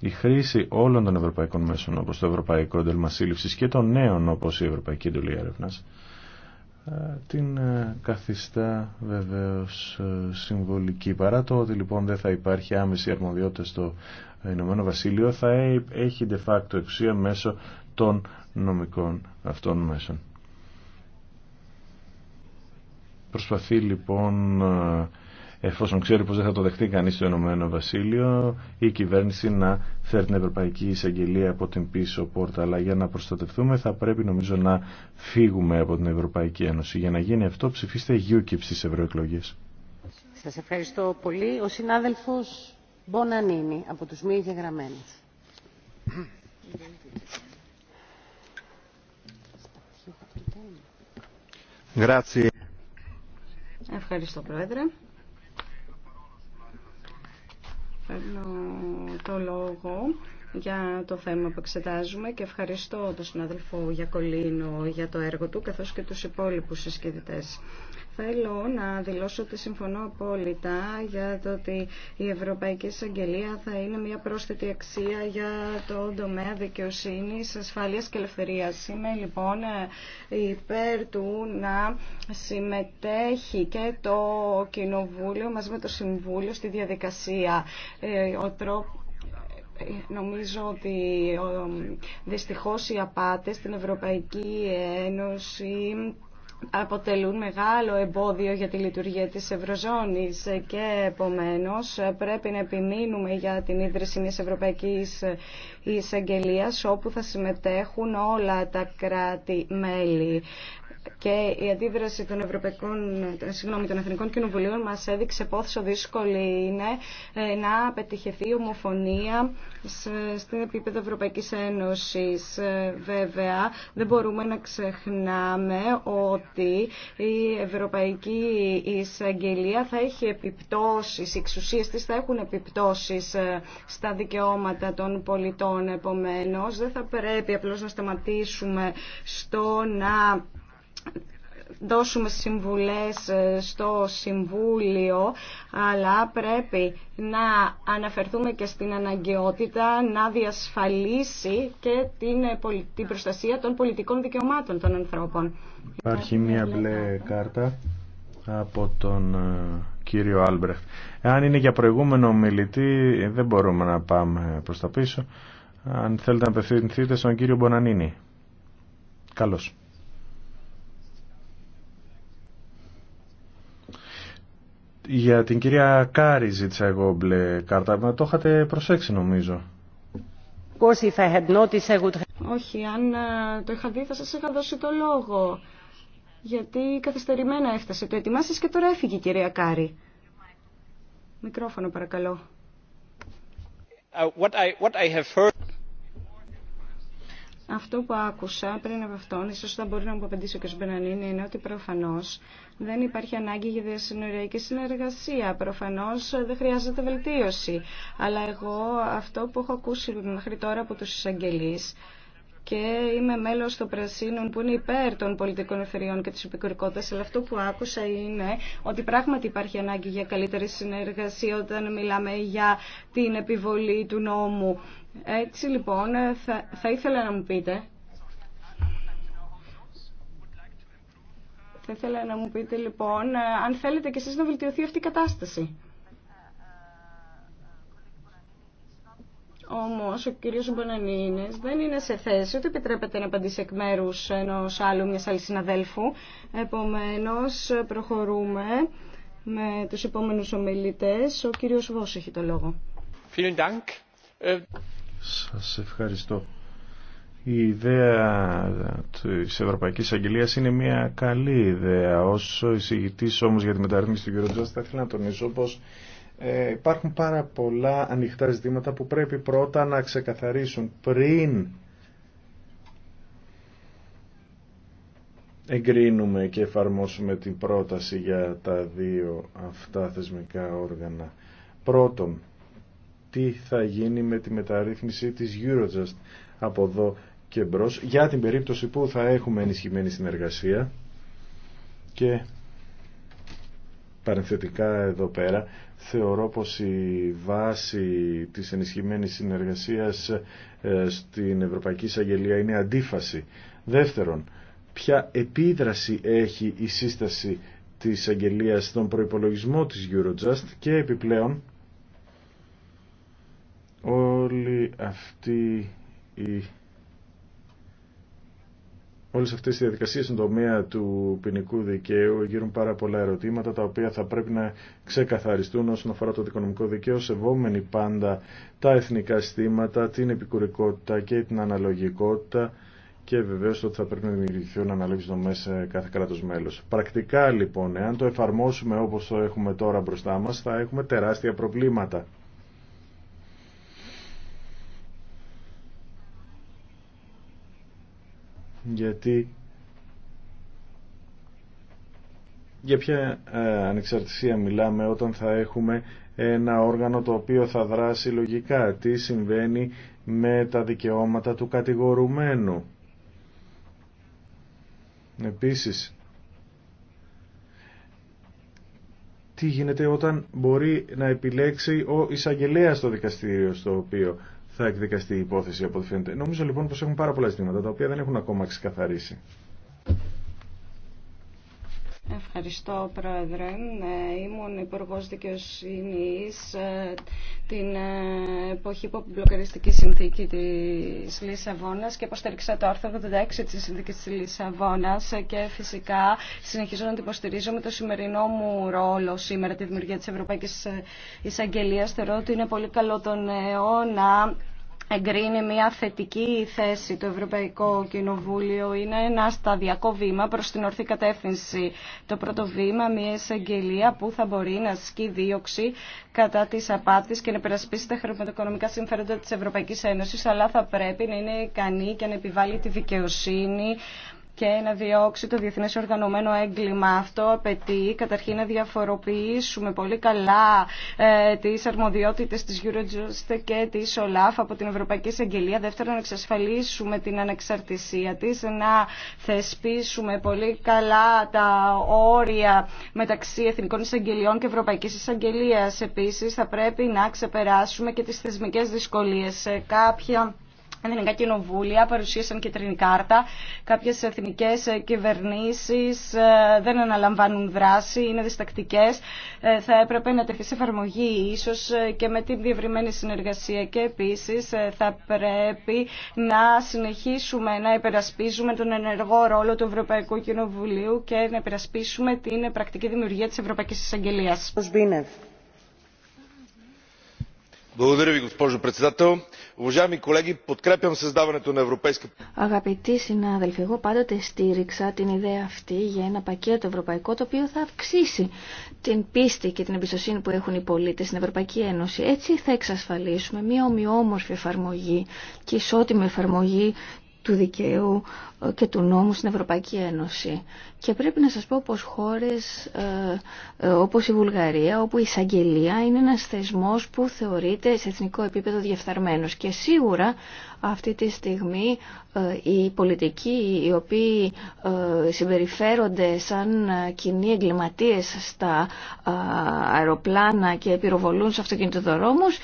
Η χρήση όλων των ευρωπαϊκών μέσων όπως το Ευρωπαϊκό Εντέλμα και των νέων όπως η Ευρωπαϊκή Εντολή έρευνα, ε, την καθιστά βεβαίως συμβολική. Παρά το ότι λοιπόν δεν θα υπάρχει άμεση αρμοδιότητα στο Ηνωμένο Βασίλειο θα έχει de facto εξουσία μέσω των νομικών αυτών μέσων. Προσπαθεί λοιπόν, ε, εφόσον ξέρει πως δεν θα το δεχτεί κανείς το Ηνωμένο Βασίλειο, η κυβέρνηση να φέρει την Ευρωπαϊκή Εισαγγελία από την πίσω πόρτα. Αλλά για να προστατευτούμε θα πρέπει νομίζω να φύγουμε από την Ευρωπαϊκή Ένωση. Για να γίνει αυτό ψηφίστε UKIP στις ευρωεκλογές. Σας ευχαριστώ πολύ. Ο συνάδελφος Μπονανίνη από τους μη Grazie. Ευχαριστώ, Πρόεδρε. Παίρνω το λόγο για το θέμα που εξετάζουμε και ευχαριστώ τον συνάδελφο Γιακολίνο για το έργο του καθώς και τους υπόλοιπους συσκευητές. Θέλω να δηλώσω ότι συμφωνώ απόλυτα για το ότι η Ευρωπαϊκή Εισαγγελία θα είναι μια πρόσθετη αξία για το τομέα δικαιοσύνης, ασφάλειας και ελευθερίας. Είμαι λοιπόν υπέρ του να συμμετέχει και το Κοινοβούλιο μαζί με το Συμβούλιο στη διαδικασία. Ε, ο Νομίζω ότι δυστυχώς οι απάτες στην Ευρωπαϊκή Ένωση αποτελούν μεγάλο εμπόδιο για τη λειτουργία της Ευρωζώνης και επομένως πρέπει να επιμείνουμε για την ίδρυση μιας Ευρωπαϊκής Εισαγγελίας όπου θα συμμετέχουν όλα τα κράτη-μέλη και η αντίδραση των, Ευρωπαϊκών, συγγνώμη, των Εθνικών Κοινοβουλίων μας έδειξε πόσο δύσκολη είναι ε, να πετυχεθεί η ομοφωνία στην επίπεδο Ευρωπαϊκής Ένωσης. Ε, βέβαια, δεν μπορούμε να ξεχνάμε ότι η Ευρωπαϊκή Εισαγγελία θα έχει επιπτώσεις, οι εξουσίες της θα έχουν επιπτώσεις ε, στα δικαιώματα των πολιτών. Επομένως, δεν θα πρέπει απλώς να σταματήσουμε στο να δώσουμε συμβουλές ε, στο Συμβούλιο, αλλά πρέπει να αναφερθούμε και στην αναγκαιότητα να διασφαλίσει και την, ε, προστασία των πολιτικών δικαιωμάτων των ανθρώπων. Υπάρχει μία μπλε κάρτα από τον ε, κύριο Άλμπρεχτ. Αν είναι για προηγούμενο μιλητή δεν μπορούμε να πάμε προς τα πίσω. Αν θέλετε να απευθυνθείτε στον κύριο Μπονανίνη. Καλώς. Για την κυρία Κάρι ζήτησα εγώ μπλε κάρτα, μα το είχατε προσέξει νομίζω. Όχι, αν ε, το είχα δει θα σας είχα δώσει το λόγο. Γιατί καθυστερημένα έφτασε το ετοιμάσεις και τώρα έφυγε η κυρία Κάρι. Μικρόφωνο παρακαλώ. Uh, what I have heard... Αυτό που άκουσα πριν από αυτόν, ίσως θα μπορεί να μου απαντήσει ο κ. Μπενανίνη, είναι ότι προφανώς δεν υπάρχει ανάγκη για διασυνοριακή συνεργασία. Προφανώς δεν χρειάζεται βελτίωση. Αλλά εγώ αυτό που έχω ακούσει μέχρι τώρα από τους εισαγγελεί και είμαι μέλος των Πρασίνων που είναι υπέρ των πολιτικών ευθεριών και της επικουρικότητας, αλλά αυτό που άκουσα είναι ότι πράγματι υπάρχει ανάγκη για καλύτερη συνεργασία όταν μιλάμε για την επιβολή του νόμου. Έτσι λοιπόν θα, θα ήθελα να μου πείτε Θα ήθελα να μου πείτε λοιπόν αν θέλετε και εσείς να βελτιωθεί αυτή η κατάσταση. Όμω, ο κύριος Μπονανίνε δεν είναι σε θέση, ούτε επιτρέπεται να απαντήσει εκ μέρου ενό άλλου, μια άλλη συναδέλφου. Επομένω προχωρούμε με τους επόμενους ομιλητέ. Ο κύριος Βό έχει το λόγο. Ε, Σα ευχαριστώ. Η ιδέα της Ευρωπαϊκής Αγγελίας είναι μια καλή ιδέα. Όσο εισηγητής όμως για τη μεταρρύθμιση του Τζάστα, θα ήθελα να τονίσω πως ε, υπάρχουν πάρα πολλά ανοιχτά ζητήματα που πρέπει πρώτα να ξεκαθαρίσουν πριν εγκρίνουμε και εφαρμόσουμε την πρόταση για τα δύο αυτά θεσμικά όργανα. Πρώτον, τι θα γίνει με τη μεταρρύθμιση της Eurojust από εδώ και μπρος για την περίπτωση που θα έχουμε ενισχυμένη συνεργασία και παρενθετικά εδώ πέρα θεωρώ πως η βάση της ενισχυμένης συνεργασίας ε, στην Ευρωπαϊκή Εισαγγελία είναι αντίφαση. Δεύτερον, ποια επίδραση έχει η σύσταση της αγγελίας στον προϋπολογισμό της Eurojust και επιπλέον όλη αυτή η Όλες αυτές οι διαδικασίες στον τομέα του ποινικού δικαίου γύρουν πάρα πολλά ερωτήματα τα οποία θα πρέπει να ξεκαθαριστούν όσον αφορά το δικονομικό δικαίο σεβόμενοι πάντα τα εθνικά συστήματα, την επικουρικότητα και την αναλογικότητα και βεβαίω ότι θα πρέπει να δημιουργηθούν ο δομέ σε κάθε κράτο μέλο. Πρακτικά λοιπόν, εάν το εφαρμόσουμε όπω το έχουμε τώρα μπροστά μα, θα έχουμε τεράστια προβλήματα. γιατί για ποια ε, ανεξαρτησία μιλάμε όταν θα έχουμε ένα όργανο το οποίο θα δράσει λογικά. Τι συμβαίνει με τα δικαιώματα του κατηγορουμένου. Επίσης, τι γίνεται όταν μπορεί να επιλέξει ο εισαγγελέας το δικαστήριο στο οποίο θα εκδικαστεί η υπόθεση από ό,τι φαίνεται. Νομίζω λοιπόν πως έχουν πάρα πολλά ζητήματα τα οποία δεν έχουν ακόμα ξεκαθαρίσει. Ευχαριστώ, Πρόεδρε. Ναι, ήμουν Υπουργό Δικαιοσύνη ε, την ε, εποχή που μπλοκαριστική συνθήκη τη Λισαβόνα και υποστήριξα το άρθρο 86 τη συνθήκη τη Λισαβόνα και φυσικά συνεχίζω να την υποστηρίζω με το σημερινό μου ρόλο σήμερα, τη δημιουργία τη Ευρωπαϊκή Εισαγγελία. Θεωρώ ότι είναι πολύ καλό τον αιώνα εγκρίνει μια θετική θέση το Ευρωπαϊκό Κοινοβούλιο είναι ένα σταδιακό βήμα προς την ορθή κατεύθυνση. Το πρώτο βήμα μια εισαγγελία που θα μπορεί να ασκεί δίωξη κατά της απάτης και να περασπίσει τα χρηματοοικονομικά συμφέροντα της Ευρωπαϊκής Ένωσης αλλά θα πρέπει να είναι ικανή και να επιβάλλει τη δικαιοσύνη και να διώξει το διεθνές οργανωμένο έγκλημα. Αυτό απαιτεί καταρχήν να διαφοροποιήσουμε πολύ καλά ε, τις αρμοδιότητες της Eurojust και της OLAF από την Ευρωπαϊκή Εισαγγελία. Δεύτερον, να εξασφαλίσουμε την ανεξαρτησία της, να θεσπίσουμε πολύ καλά τα όρια μεταξύ Εθνικών Εισαγγελιών και Ευρωπαϊκής Εισαγγελίας. Επίσης, θα πρέπει να ξεπεράσουμε και τις θεσμικές δυσκολίες. κάποια εθνικά κοινοβούλια παρουσίασαν κεντρική κάρτα. Κάποιες εθνικές κυβερνήσει ε, δεν αναλαμβάνουν δράση, είναι διστακτικέ. Ε, θα έπρεπε να τεθεί σε εφαρμογή ίσως ε, και με την διευρυμένη συνεργασία και επίση θα πρέπει να συνεχίσουμε να υπερασπίζουμε τον ενεργό ρόλο του Ευρωπαϊκού Κοινοβουλίου και να υπερασπίσουμε την πρακτική δημιουργία τη Ευρωπαϊκή Εισαγγελία госпожо председател. Уважаеми колеги, подкрепям създаването на Европейска... Αγαπητοί συνάδελφοι, εγώ πάντοτε στήριξα την ιδέα αυτή για ένα πακέτο ευρωπαϊκό το οποίο θα αυξήσει την πίστη και την εμπιστοσύνη που έχουν οι πολίτε στην Ευρωπαϊκή Ένωση. Έτσι θα εξασφαλίσουμε μια ομοιόμορφη εφαρμογή και ισότιμη εφαρμογή του δικαίου ε, και του νόμου στην Ευρωπαϊκή Ένωση. Και πρέπει να σας πω πως χώρες ε, ε, όπως η Βουλγαρία, όπου η εισαγγελία είναι ένας θεσμός που θεωρείται σε εθνικό επίπεδο διεφθαρμένος. Και σίγουρα αυτή τη στιγμή ε, οι πολιτικοί οι οποίοι συμπεριφέρονται σαν κοινοί εγκληματίες στα αεροπλάνα και πυροβολούν σε αυτοκινητοδρόμους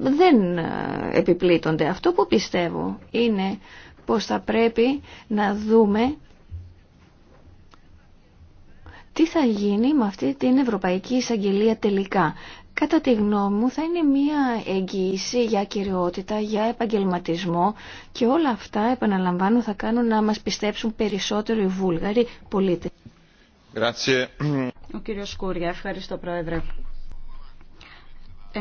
δεν επιπλήττονται. Αυτό που πιστεύω είναι πως θα πρέπει να δούμε τι θα γίνει με αυτή την Ευρωπαϊκή Εισαγγελία τελικά. Κατά τη γνώμη μου θα είναι μια εγγύηση για κυριότητα, για επαγγελματισμό και όλα αυτά, επαναλαμβάνω, θα κάνουν να μας πιστέψουν περισσότερο οι Βούλγαροι πολίτες. ευχαριστώ Πρόεδρε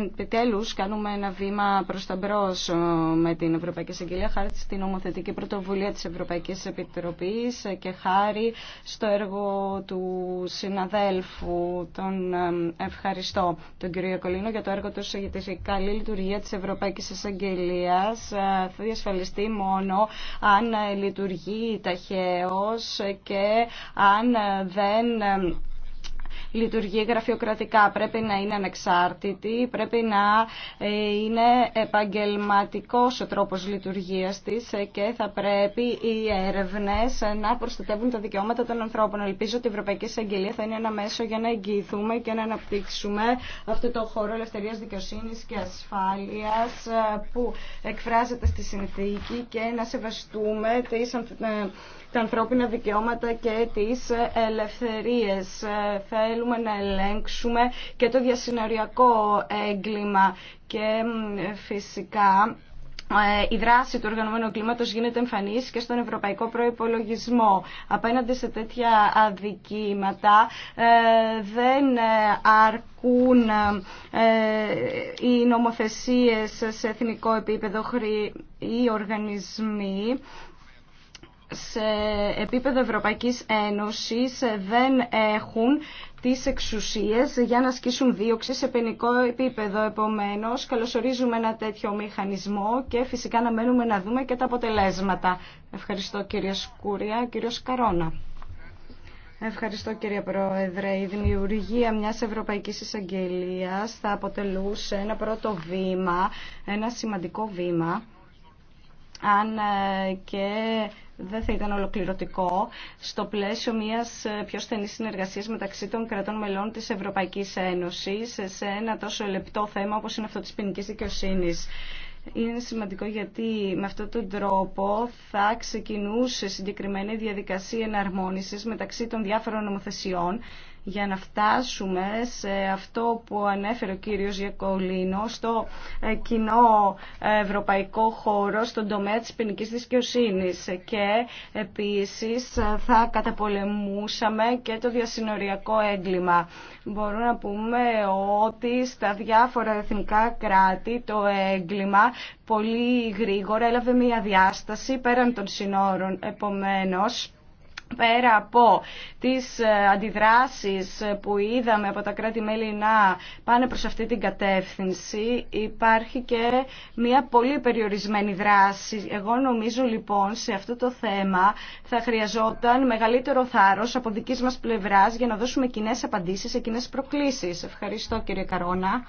επιτέλους κάνουμε ένα βήμα προς τα μπρος ε, με την Ευρωπαϊκή Εισαγγελία χάρη στην νομοθετική πρωτοβουλία της Ευρωπαϊκής Επιτροπής και χάρη στο έργο του συναδέλφου τον ε, ευχαριστώ τον κύριο Κολίνο, για το έργο του για τη καλή λειτουργία της Ευρωπαϊκής Εισαγγελίας ε, θα διασφαλιστεί μόνο αν λειτουργεί ταχαίως και αν δεν λειτουργεί γραφειοκρατικά. Πρέπει να είναι ανεξάρτητη, πρέπει να ε, είναι επαγγελματικός ο τρόπος λειτουργίας της ε, και θα πρέπει οι έρευνες να προστατεύουν τα δικαιώματα των ανθρώπων. Ελπίζω ότι η Ευρωπαϊκή Εισαγγελία θα είναι ένα μέσο για να εγγυηθούμε και να αναπτύξουμε αυτό το χώρο ελευθερίας δικαιοσύνης και ασφάλειας ε, που εκφράζεται στη συνθήκη και να σεβαστούμε τις τα ανθρώπινα δικαιώματα και τις ελευθερίες. Θέλουμε να ελέγξουμε και το διασυναριακό έγκλημα και φυσικά ε, η δράση του οργανωμένου κλίματος γίνεται εμφανής και στον ευρωπαϊκό προϋπολογισμό. Απέναντι σε τέτοια αδικήματα ε, δεν ε, αρκούν οι νομοθεσίες σε εθνικό επίπεδο οι οργανισμοί σε επίπεδο Ευρωπαϊκής Ένωσης δεν έχουν τις εξουσίες για να ασκήσουν δίωξη σε ποινικό επίπεδο. Επομένως, καλωσορίζουμε ένα τέτοιο μηχανισμό και φυσικά να μένουμε να δούμε και τα αποτελέσματα. Ευχαριστώ κύριε Σκούρια, κύριο Καρόνα. Ευχαριστώ κύριε Πρόεδρε. Η δημιουργία μιας Ευρωπαϊκής εισαγγελία θα αποτελούσε ένα πρώτο βήμα, ένα σημαντικό βήμα, αν ε, και δεν θα ήταν ολοκληρωτικό στο πλαίσιο μιας ε, πιο στενής συνεργασίας μεταξύ των κρατών μελών της Ευρωπαϊκής Ένωσης σε ένα τόσο λεπτό θέμα όπως είναι αυτό της ποινική δικαιοσύνη. Είναι σημαντικό γιατί με αυτόν τον τρόπο θα ξεκινούσε συγκεκριμένη διαδικασία εναρμόνισης μεταξύ των διάφορων νομοθεσιών για να φτάσουμε σε αυτό που ανέφερε ο κύριος Γιακολίνο στο ε, κοινό ε, ευρωπαϊκό χώρο στον τομέα της ποινικής δικαιοσύνη. και επίσης ε, θα καταπολεμούσαμε και το διασυνοριακό έγκλημα. Μπορούμε να πούμε ότι στα διάφορα εθνικά κράτη το έγκλημα πολύ γρήγορα έλαβε μια διάσταση πέραν των συνόρων. Επομένως, πέρα από τις ε, αντιδράσεις που είδαμε από τα κράτη-μέλη να πάνε προς αυτή την κατεύθυνση, υπάρχει και μια πολύ περιορισμένη δράση. Εγώ νομίζω λοιπόν σε αυτό το θέμα θα χρειαζόταν μεγαλύτερο θάρρος από δικής μας πλευράς για να δώσουμε κοινέ απαντήσεις σε κοινέ προκλήσεις. Ευχαριστώ κύριε Καρόνα.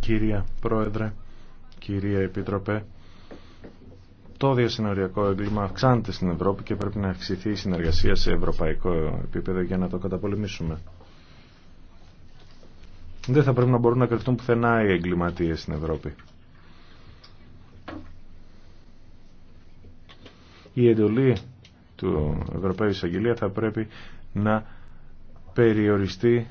Κυρία Πρόεδρε, κυρία Επίτροπε, το διασυνοριακό έγκλημα αυξάνεται στην Ευρώπη και πρέπει να αυξηθεί η συνεργασία σε ευρωπαϊκό επίπεδο για να το καταπολεμήσουμε. Δεν θα πρέπει να μπορούν να κρυφτούν πουθενά οι εγκληματίες στην Ευρώπη. Η εντολή του Ευρωπαίου Εισαγγελία θα πρέπει να περιοριστεί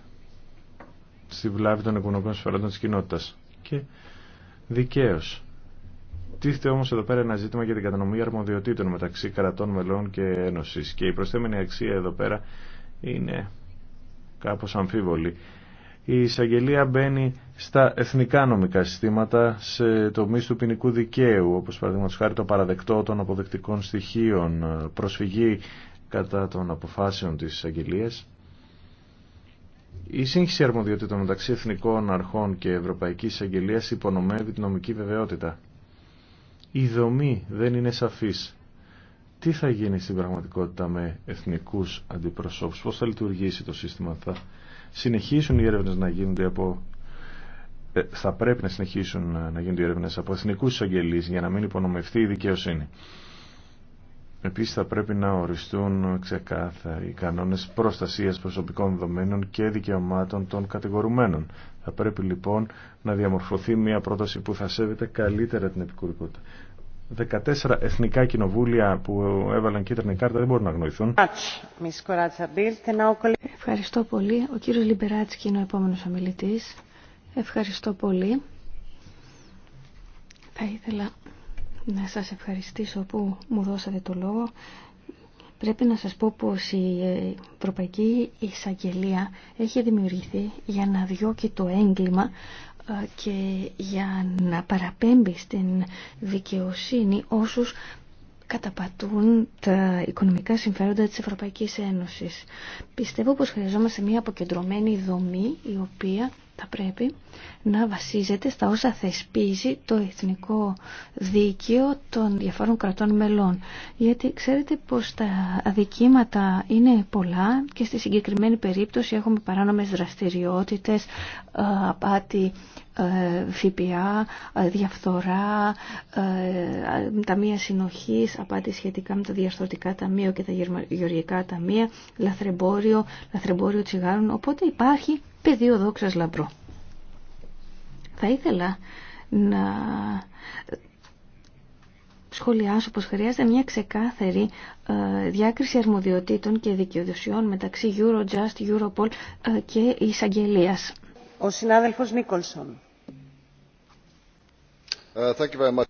στη βλάβη των οικονομικών συμφερόντων της κοινότητας. Και δικαίως Τίθεται όμω εδώ πέρα ένα ζήτημα για την κατανομή αρμοδιοτήτων μεταξύ κρατών μελών και Ένωση. και η προσθέμενη αξία εδώ πέρα είναι κάπω αμφίβολη. Η εισαγγελία μπαίνει στα εθνικά νομικά συστήματα σε τομεί του ποινικού δικαίου, όπω παραδείγματο χάρη το παραδεκτό των αποδεκτικών στοιχείων, προσφυγή κατά των αποφάσεων τη εισαγγελία. Η σύγχυση αρμοδιοτήτων μεταξύ εθνικών αρχών και Ευρωπαϊκή εισαγγελία υπονομεύει την νομική βεβαιότητα η δομή δεν είναι σαφής. Τι θα γίνει στην πραγματικότητα με εθνικούς αντιπροσώπους, πώς θα λειτουργήσει το σύστημα, θα συνεχίσουν οι έρευνες να γίνονται από ε, θα πρέπει να συνεχίσουν να γίνονται οι έρευνες από εθνικούς εισαγγελείς για να μην υπονομευτεί η δικαιοσύνη. Επίσης θα πρέπει να οριστούν ξεκάθαροι οι κανόνες προστασίας προσωπικών δεδομένων και δικαιωμάτων των κατηγορουμένων. Θα πρέπει λοιπόν να διαμορφωθεί μια πρόταση που θα σέβεται καλύτερα την επικουρικότητα. 14 εθνικά κοινοβούλια που έβαλαν κίτρινη κάρτα δεν μπορούν να γνωριθούν. Ευχαριστώ πολύ. Ο κύριος Λιμπεράτσκι είναι ο επόμενος ομιλητής. Ευχαριστώ πολύ. Θα ήθελα να σας ευχαριστήσω που μου δώσατε το λόγο. Πρέπει να σας πω πως η ε, Ευρωπαϊκή Εισαγγελία έχει δημιουργηθεί για να διώκει το έγκλημα ε, και για να παραπέμπει στην δικαιοσύνη όσους καταπατούν τα οικονομικά συμφέροντα της Ευρωπαϊκής Ένωσης. Πιστεύω πως χρειαζόμαστε μια αποκεντρωμένη δομή η οποία θα πρέπει να βασίζεται στα όσα θεσπίζει το εθνικό δίκαιο των διαφόρων κρατών μελών. Γιατί ξέρετε πως τα αδικήματα είναι πολλά και στη συγκεκριμένη περίπτωση έχουμε παράνομες δραστηριότητες, ε, απάτη ΦΠΑ, διαφθορά, ε, ταμεία συνοχής, απάντηση σχετικά με τα διαρθρωτικά ταμεία και τα γεωργικά ταμεία, λαθρεμπόριο, λαθρεμπόριο τσιγάρων, οπότε υπάρχει πεδίο δόξας λαμπρό. Θα ήθελα να σχολιάσω πως χρειάζεται μια ξεκάθαρη ε, διάκριση αρμοδιοτήτων και δικαιοδοσιών μεταξύ Eurojust, Europol ε, και εισαγγελία. Ο συνάδελφος Νίκολσον. Uh,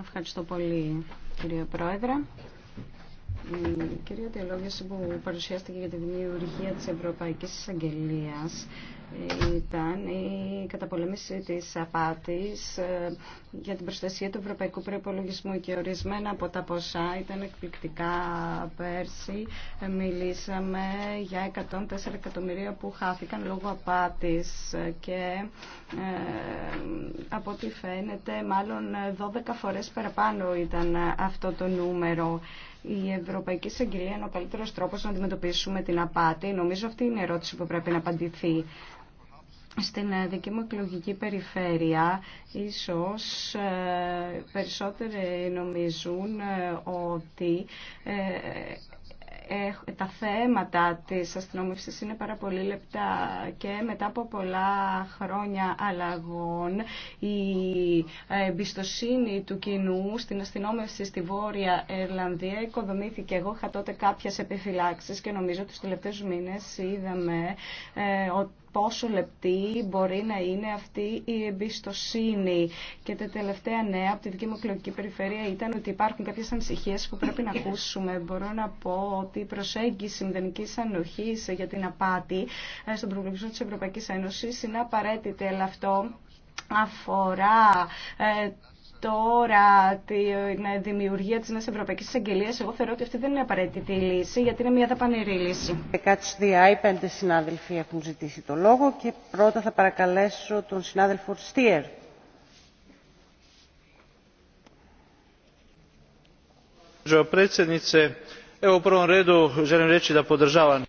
Ευχαριστώ πολύ, κύριε Πρόεδρε. Η κυρία που παρουσιάστηκε για τη δημιουργία της Ευρωπαϊκής Εισαγγελίας ήταν η καταπολέμηση της απάτης ε, για την προστασία του ευρωπαϊκού προϋπολογισμού και ορισμένα από τα ποσά ήταν εκπληκτικά πέρσι. Ε, μιλήσαμε για 104 εκατομμυρία που χάθηκαν λόγω απάτης ε, και από ό,τι φαίνεται μάλλον 12 φορές παραπάνω ήταν αυτό το νούμερο η Ευρωπαϊκή συγκυρία είναι ο καλύτερο τρόπο να αντιμετωπίσουμε την απάτη. Νομίζω αυτή είναι η ερώτηση που πρέπει να απαντηθεί. Στην ε, δική μου εκλογική περιφέρεια, ίσως ε, περισσότεροι νομίζουν ε, ότι τα θέματα της αστυνόμευσης είναι πάρα πολύ λεπτά και μετά από πολλά χρόνια αλλαγών η εμπιστοσύνη του κοινού στην αστυνόμευση στη Βόρεια Ιρλανδία οικοδομήθηκε. Εγώ είχα τότε κάποιες επιφυλάξεις και νομίζω τους τελευταίους μήνες είδαμε ότι ε, πόσο λεπτή μπορεί να είναι αυτή η εμπιστοσύνη. Και τα τελευταία νέα από τη δική μου εκλογική περιφέρεια ήταν ότι υπάρχουν κάποιε ανησυχίε που πρέπει να ακούσουμε. Μπορώ να πω ότι η προσέγγιση μηδενική ανοχή για την απάτη ε, στον προβληματισμό τη Ευρωπαϊκή Ένωση είναι απαραίτητη, αλλά αυτό αφορά ε, τώρα την δημιουργία της Νέα Ευρωπαϊκής Εισαγγελία, εγώ θεωρώ ότι αυτή δεν είναι απαραίτητη λύση, γιατί είναι μια δαπανηρή λύση. Κάτσε διάει, πέντε συνάδελφοι έχουν ζητήσει το λόγο και πρώτα θα παρακαλέσω τον συνάδελφο Στίερ. Ευχαριστώ, predsjednice, εγώ πρώτον prvom redu ρέτσι, τα da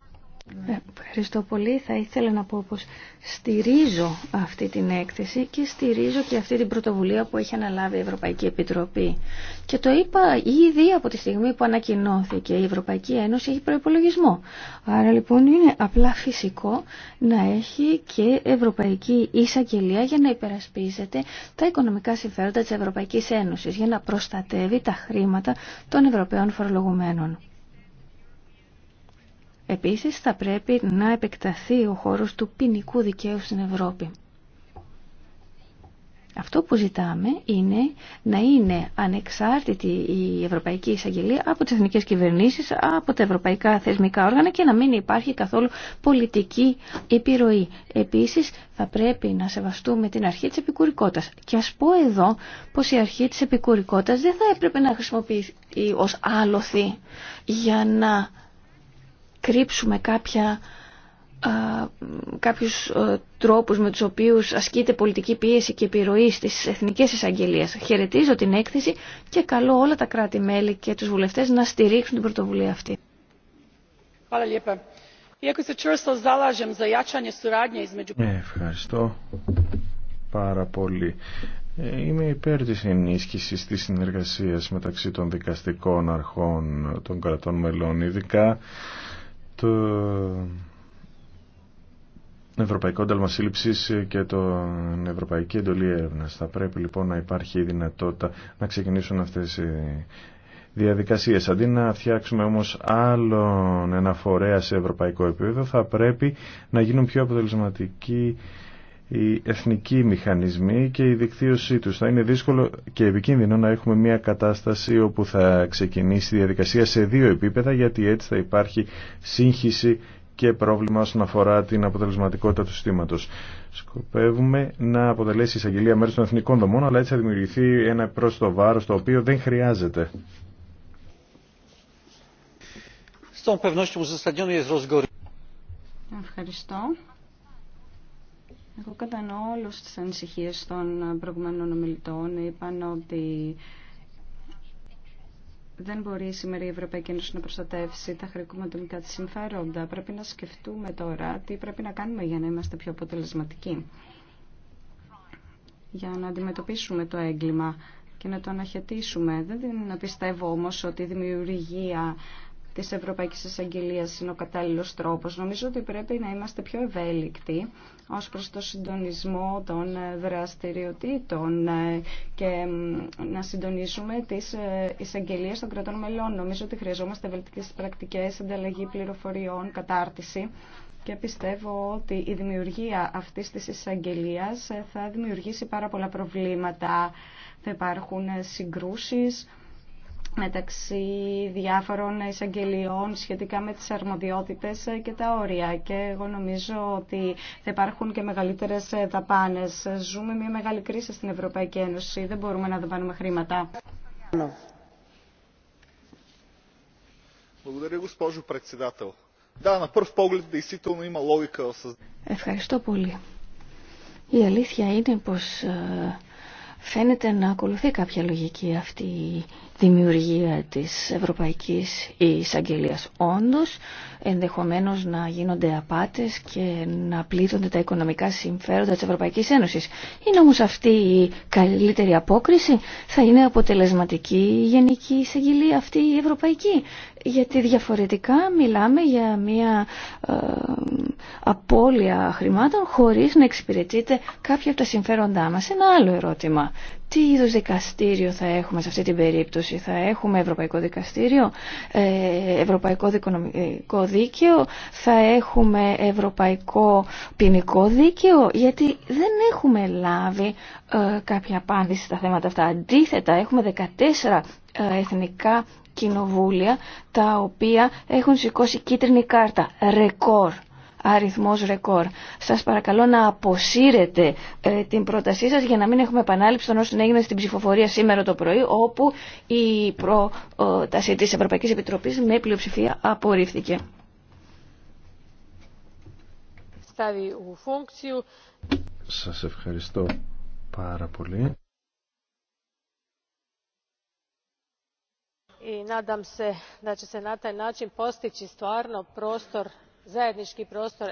ε, ευχαριστώ πολύ. Θα ήθελα να πω πως στηρίζω αυτή την έκθεση και στηρίζω και αυτή την πρωτοβουλία που έχει αναλάβει η Ευρωπαϊκή Επιτροπή. Και το είπα ήδη από τη στιγμή που ανακοινώθηκε. Η Ευρωπαϊκή Ένωση έχει προϋπολογισμό. Άρα λοιπόν είναι απλά φυσικό να έχει και Ευρωπαϊκή Εισαγγελία για να υπερασπίζεται τα οικονομικά συμφέροντα της Ευρωπαϊκής Ένωσης, για να προστατεύει τα χρήματα των Ευρωπαίων φορολογουμένων. Επίσης θα πρέπει να επεκταθεί ο χώρος του ποινικού δικαίου στην Ευρώπη. Αυτό που ζητάμε είναι να είναι ανεξάρτητη η Ευρωπαϊκή Εισαγγελία από τις εθνικές κυβερνήσεις, από τα ευρωπαϊκά θεσμικά όργανα και να μην υπάρχει καθόλου πολιτική επιρροή. Επίσης θα πρέπει να σεβαστούμε την αρχή της επικουρικότητας. Και ας πω εδώ πως η αρχή της επικουρικότητας δεν θα έπρεπε να χρησιμοποιηθεί ως άλοθη για να κρύψουμε κάποια κάποιους τρόπους με τους οποίους ασκείται πολιτική πίεση και επιρροή στις εθνικές εισαγγελίες. Χαιρετίζω την έκθεση και καλώ όλα τα κράτη-μέλη και τους βουλευτές να στηρίξουν την πρωτοβουλία αυτή. Ε, ευχαριστώ πάρα πολύ. Ε, είμαι υπέρ της ενίσχυσης της συνεργασίας μεταξύ των δικαστικών αρχών των κρατών μελών, ειδικά το Ευρωπαϊκό Ένταλμα και την Ευρωπαϊκή Εντολή Έρευνα. Θα πρέπει λοιπόν να υπάρχει η δυνατότητα να ξεκινήσουν αυτές οι διαδικασίες. Αντί να φτιάξουμε όμως άλλον ένα φορέα σε ευρωπαϊκό επίπεδο, θα πρέπει να γίνουν πιο αποτελεσματικοί οι εθνικοί μηχανισμοί και η δικτύωσή τους. Θα είναι δύσκολο και επικίνδυνο να έχουμε μια κατάσταση όπου θα ξεκινήσει η διαδικασία σε δύο επίπεδα γιατί έτσι θα υπάρχει σύγχυση και πρόβλημα όσον αφορά την αποτελεσματικότητα του συστήματος. Σκοπεύουμε να αποτελέσει η εισαγγελία μέρος των εθνικών δομών, αλλά έτσι θα δημιουργηθεί ένα προς το βάρος το οποίο δεν χρειάζεται. Ευχαριστώ. Εγώ κατανοώ όλε τι ανησυχίε των προηγουμένων ομιλητών. Είπαν ότι δεν μπορεί σήμερα η Ευρωπαϊκή Ένωση να προστατεύσει τα χρηματοδομικά τη συμφέροντα. Πρέπει να σκεφτούμε τώρα τι πρέπει να κάνουμε για να είμαστε πιο αποτελεσματικοί. Για να αντιμετωπίσουμε το έγκλημα και να το αναχαιτήσουμε. Δεν πιστεύω όμω ότι η δημιουργία τη Ευρωπαϊκή Εισαγγελία είναι ο κατάλληλο τρόπο. Νομίζω ότι πρέπει να είμαστε πιο ευέλικτοι ως προς το συντονισμό των ε, δραστηριοτήτων ε, και να συντονίσουμε τις ε, εισαγγελίε των κρατών μελών. Νομίζω ότι χρειαζόμαστε βελτικές πρακτικές, ανταλλαγή πληροφοριών, κατάρτιση και πιστεύω ότι η δημιουργία αυτής της εισαγγελία θα δημιουργήσει πάρα πολλά προβλήματα. Θα υπάρχουν συγκρούσεις μεταξύ διάφορων εισαγγελιών σχετικά με τις αρμοδιότητες ε, και τα όρια. Και εγώ νομίζω ότι θα υπάρχουν και μεγαλύτερες ε, δαπάνες. Ζούμε μια μεγάλη κρίση στην Ευρωπαϊκή Ένωση. Δεν μπορούμε να δαπάνουμε χρήματα. Ευχαριστώ πολύ. Η αλήθεια είναι πως ε, φαίνεται να ακολουθεί κάποια λογική αυτή δημιουργία της Ευρωπαϊκής Εισαγγελίας. Όντως, ενδεχομένως να γίνονται απάτες και να πλήττονται τα οικονομικά συμφέροντα της Ευρωπαϊκής Ένωσης. Είναι όμως αυτή η καλύτερη απόκριση, θα είναι αποτελεσματική η Γενική Εισαγγελία αυτή η Ευρωπαϊκή. Γιατί διαφορετικά μιλάμε για μια ε, απώλεια χρημάτων χωρίς να εξυπηρετείται κάποια από τα συμφέροντά μας. Ένα άλλο ερώτημα. Τι είδους δικαστήριο θα έχουμε σε αυτή την περίπτωση. Θα έχουμε Ευρωπαϊκό Δικαστήριο, ε, Ευρωπαϊκό Δικονομικό Δίκαιο, θα έχουμε Ευρωπαϊκό Ποινικό Δίκαιο, γιατί δεν έχουμε λάβει ε, κάποια απάντηση στα θέματα αυτά. Αντίθετα, έχουμε 14 ε, εθνικά κοινοβούλια τα οποία έχουν σηκώσει κίτρινη κάρτα, ρεκόρ αριθμός ρεκόρ. Σας παρακαλώ να αποσύρετε ε, την πρότασή σας για να μην έχουμε επανάληψη των όσων έγινε στην ψηφοφορία σήμερα το πρωί όπου η πρόταση της Ευρωπαϊκής Επιτροπής με πλειοψηφία απορρίφθηκε. Σας ευχαριστώ πάρα πολύ. i nadam se da će se na taj način postići stvarno prostor zajedniki prostor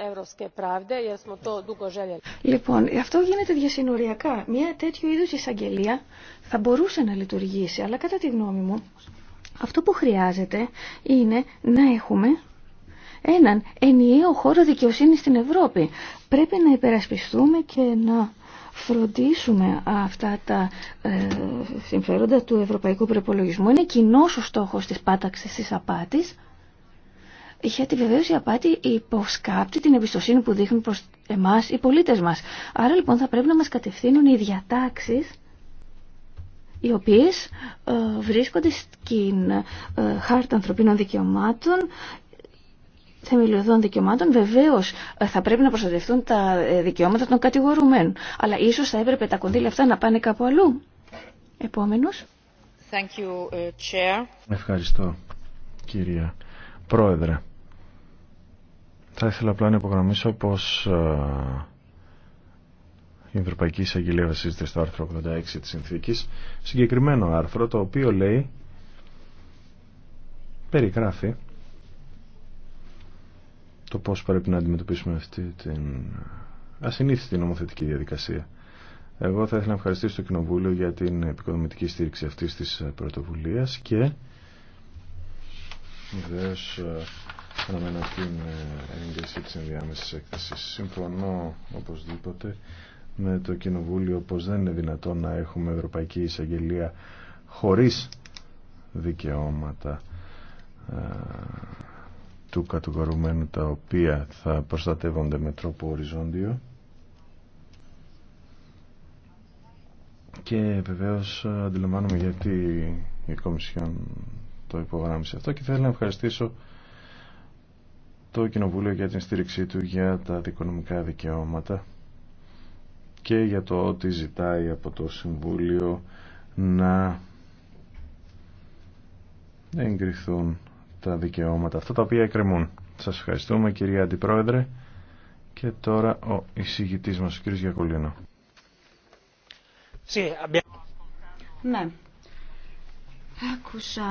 Λοιπόν, αυτό γίνεται διασυνοριακά. Μια τέτοιου είδου εισαγγελία θα μπορούσε να λειτουργήσει, αλλά κατά τη γνώμη μου αυτό που χρειάζεται είναι να έχουμε έναν ενιαίο χώρο δικαιοσύνη στην Ευρώπη. Πρέπει να υπερασπιστούμε και να φροντίσουμε αυτά τα ε, συμφέροντα του ευρωπαϊκού προπολογισμού. Είναι κοινό ο στόχο τη πάταξη τη απάτη γιατί βεβαίως η απάτη υποσκάπτει την εμπιστοσύνη που δείχνουν προς εμάς οι πολίτες μας. Άρα λοιπόν θα πρέπει να μας κατευθύνουν οι διατάξεις οι οποίες ε, βρίσκονται στην ε, χάρτα ανθρωπίνων δικαιωμάτων θεμελιωδών δικαιωμάτων, βεβαίω ε, θα πρέπει να προστατευτούν τα δικαιώματα των κατηγορουμένων. Αλλά ίσω θα έπρεπε τα κονδύλια αυτά να πάνε κάπου αλλού. Επόμενο. Ευχαριστώ, κυρία Πρόεδρε. Θα ήθελα απλά να υπογραμμίσω πως ε, η Ευρωπαϊκή Εισαγγελία βασίζεται στο άρθρο 86 της συνθήκης, συγκεκριμένο άρθρο το οποίο λέει, περιγράφει το πώς πρέπει να αντιμετωπίσουμε αυτή την ασυνήθιστη νομοθετική διαδικασία. Εγώ θα ήθελα να ευχαριστήσω το Κοινοβούλιο για την επικοδομητική στήριξη αυτής της πρωτοβουλίας και βεβαίω. Ε, αναμένα την ε, έγκριση της ενδιάμεσης έκθεσης. Συμφωνώ οπωσδήποτε με το Κοινοβούλιο πως δεν είναι δυνατόν να έχουμε Ευρωπαϊκή Εισαγγελία χωρίς δικαιώματα ε, του κατηγορουμένου τα οποία θα προστατεύονται με τρόπο οριζόντιο και βεβαίως ε, αντιλαμβάνομαι γιατί η Κομισιόν το υπογράμμισε αυτό και θέλω να ευχαριστήσω το Κοινοβούλιο για την στήριξή του για τα δικονομικά δικαιώματα και για το ότι ζητάει από το Συμβούλιο να εγκριθούν τα δικαιώματα αυτά τα οποία εκκρεμούν. Σας ευχαριστούμε κυρία Αντιπρόεδρε και τώρα ο εισηγητής μας, ο κύριος Γιακολίνο. Ναι, Άκουσα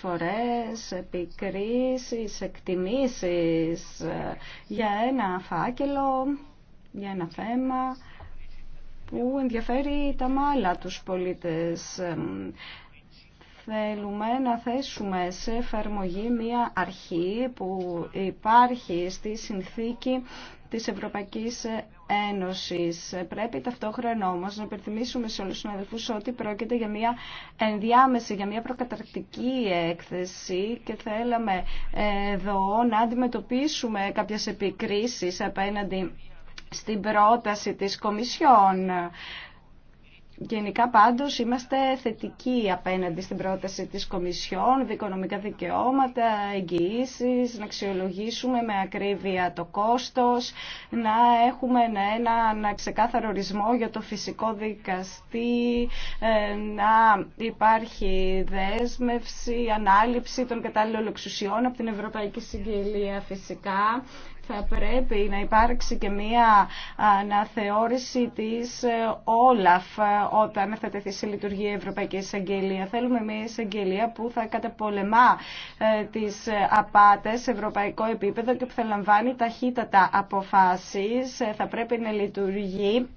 φορές επικρίσεις, εκτιμήσεις ε, για ένα φάκελο, για ένα θέμα που ενδιαφέρει τα μάλα τους πολίτες. Ε, θέλουμε να θέσουμε σε εφαρμογή μία αρχή που υπάρχει στη συνθήκη της Ευρωπαϊκής Ένωσης. Πρέπει ταυτόχρονα όμως να υπενθυμίσουμε σε όλους τους αδελφούς ότι πρόκειται για μια ενδιάμεση, για μια προκαταρκτική έκθεση και θέλαμε εδώ να αντιμετωπίσουμε κάποιες επικρίσεις απέναντι στην πρόταση της Κομισιόν. Γενικά πάντως είμαστε θετικοί απέναντι στην πρόταση της Κομισιόν, δικονομικά δικαιώματα, εγγυήσεις, να αξιολογήσουμε με ακρίβεια το κόστος, να έχουμε έναν ξεκάθαρο ορισμό για το φυσικό δικαστή, ε, να υπάρχει δέσμευση, ανάληψη των κατάλληλων εξουσιών από την Ευρωπαϊκή Συγγελία φυσικά θα πρέπει να υπάρξει και μία αναθεώρηση της ε, Όλαφ ε, όταν θα τεθεί σε λειτουργία η Ευρωπαϊκή Εισαγγελία. Θέλουμε μία εισαγγελία που θα καταπολεμά ε, τις απάτες σε ευρωπαϊκό επίπεδο και που θα λαμβάνει ταχύτατα αποφάσεις. Θα πρέπει να λειτουργεί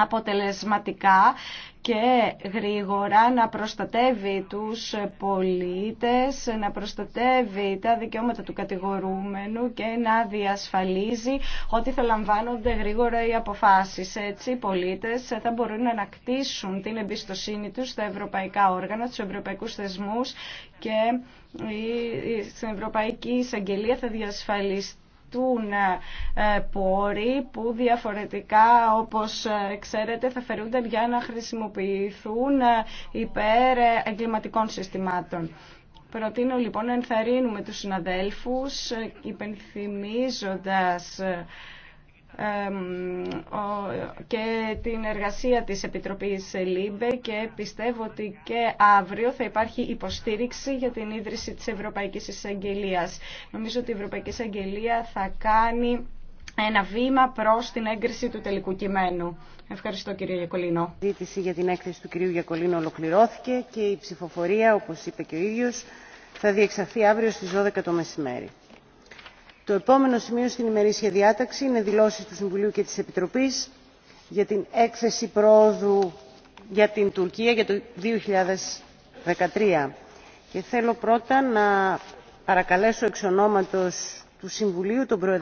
αποτελεσματικά και γρήγορα να προστατεύει τους πολίτες, να προστατεύει τα δικαιώματα του κατηγορούμενου και να διασφαλίζει ότι θα λαμβάνονται γρήγορα οι αποφάσεις. Έτσι οι πολίτες θα μπορούν να ανακτήσουν την εμπιστοσύνη τους στα ευρωπαϊκά όργανα, στους ευρωπαϊκούς θεσμούς και στην Ευρωπαϊκή Εισαγγελία θα διασφαλίσει ε, ε, πόροι που διαφορετικά όπως ε, ξέρετε θα φερούνταν για να χρησιμοποιηθούν ε, υπέρ εγκληματικών συστημάτων. Προτείνω λοιπόν να ενθαρρύνουμε τους συναδέλφους υπενθυμίζοντας και την εργασία της Επιτροπής ΛΥΜΠΕ και πιστεύω ότι και αύριο θα υπάρχει υποστήριξη για την ίδρυση της Ευρωπαϊκής Εισαγγελίας. Νομίζω ότι η Ευρωπαϊκή Εισαγγελία θα κάνει ένα βήμα προς την έγκριση του τελικού κειμένου. Ευχαριστώ κύριε Γιακολίνο. Η ζήτηση για την έκθεση του κυρίου Γιακολίνο ολοκληρώθηκε και η ψηφοφορία, όπως είπε και ο ίδιος, θα διεξαχθεί αύριο στις 12 το μεσημέρι. Το επόμενο σημείο στην ημερήσια διάταξη είναι δηλώσεις του Συμβουλίου και της Επιτροπής για την έκθεση προόδου για την Τουρκία για το 2013. Και θέλω πρώτα να παρακαλέσω εξ ονόματος του Συμβουλίου τον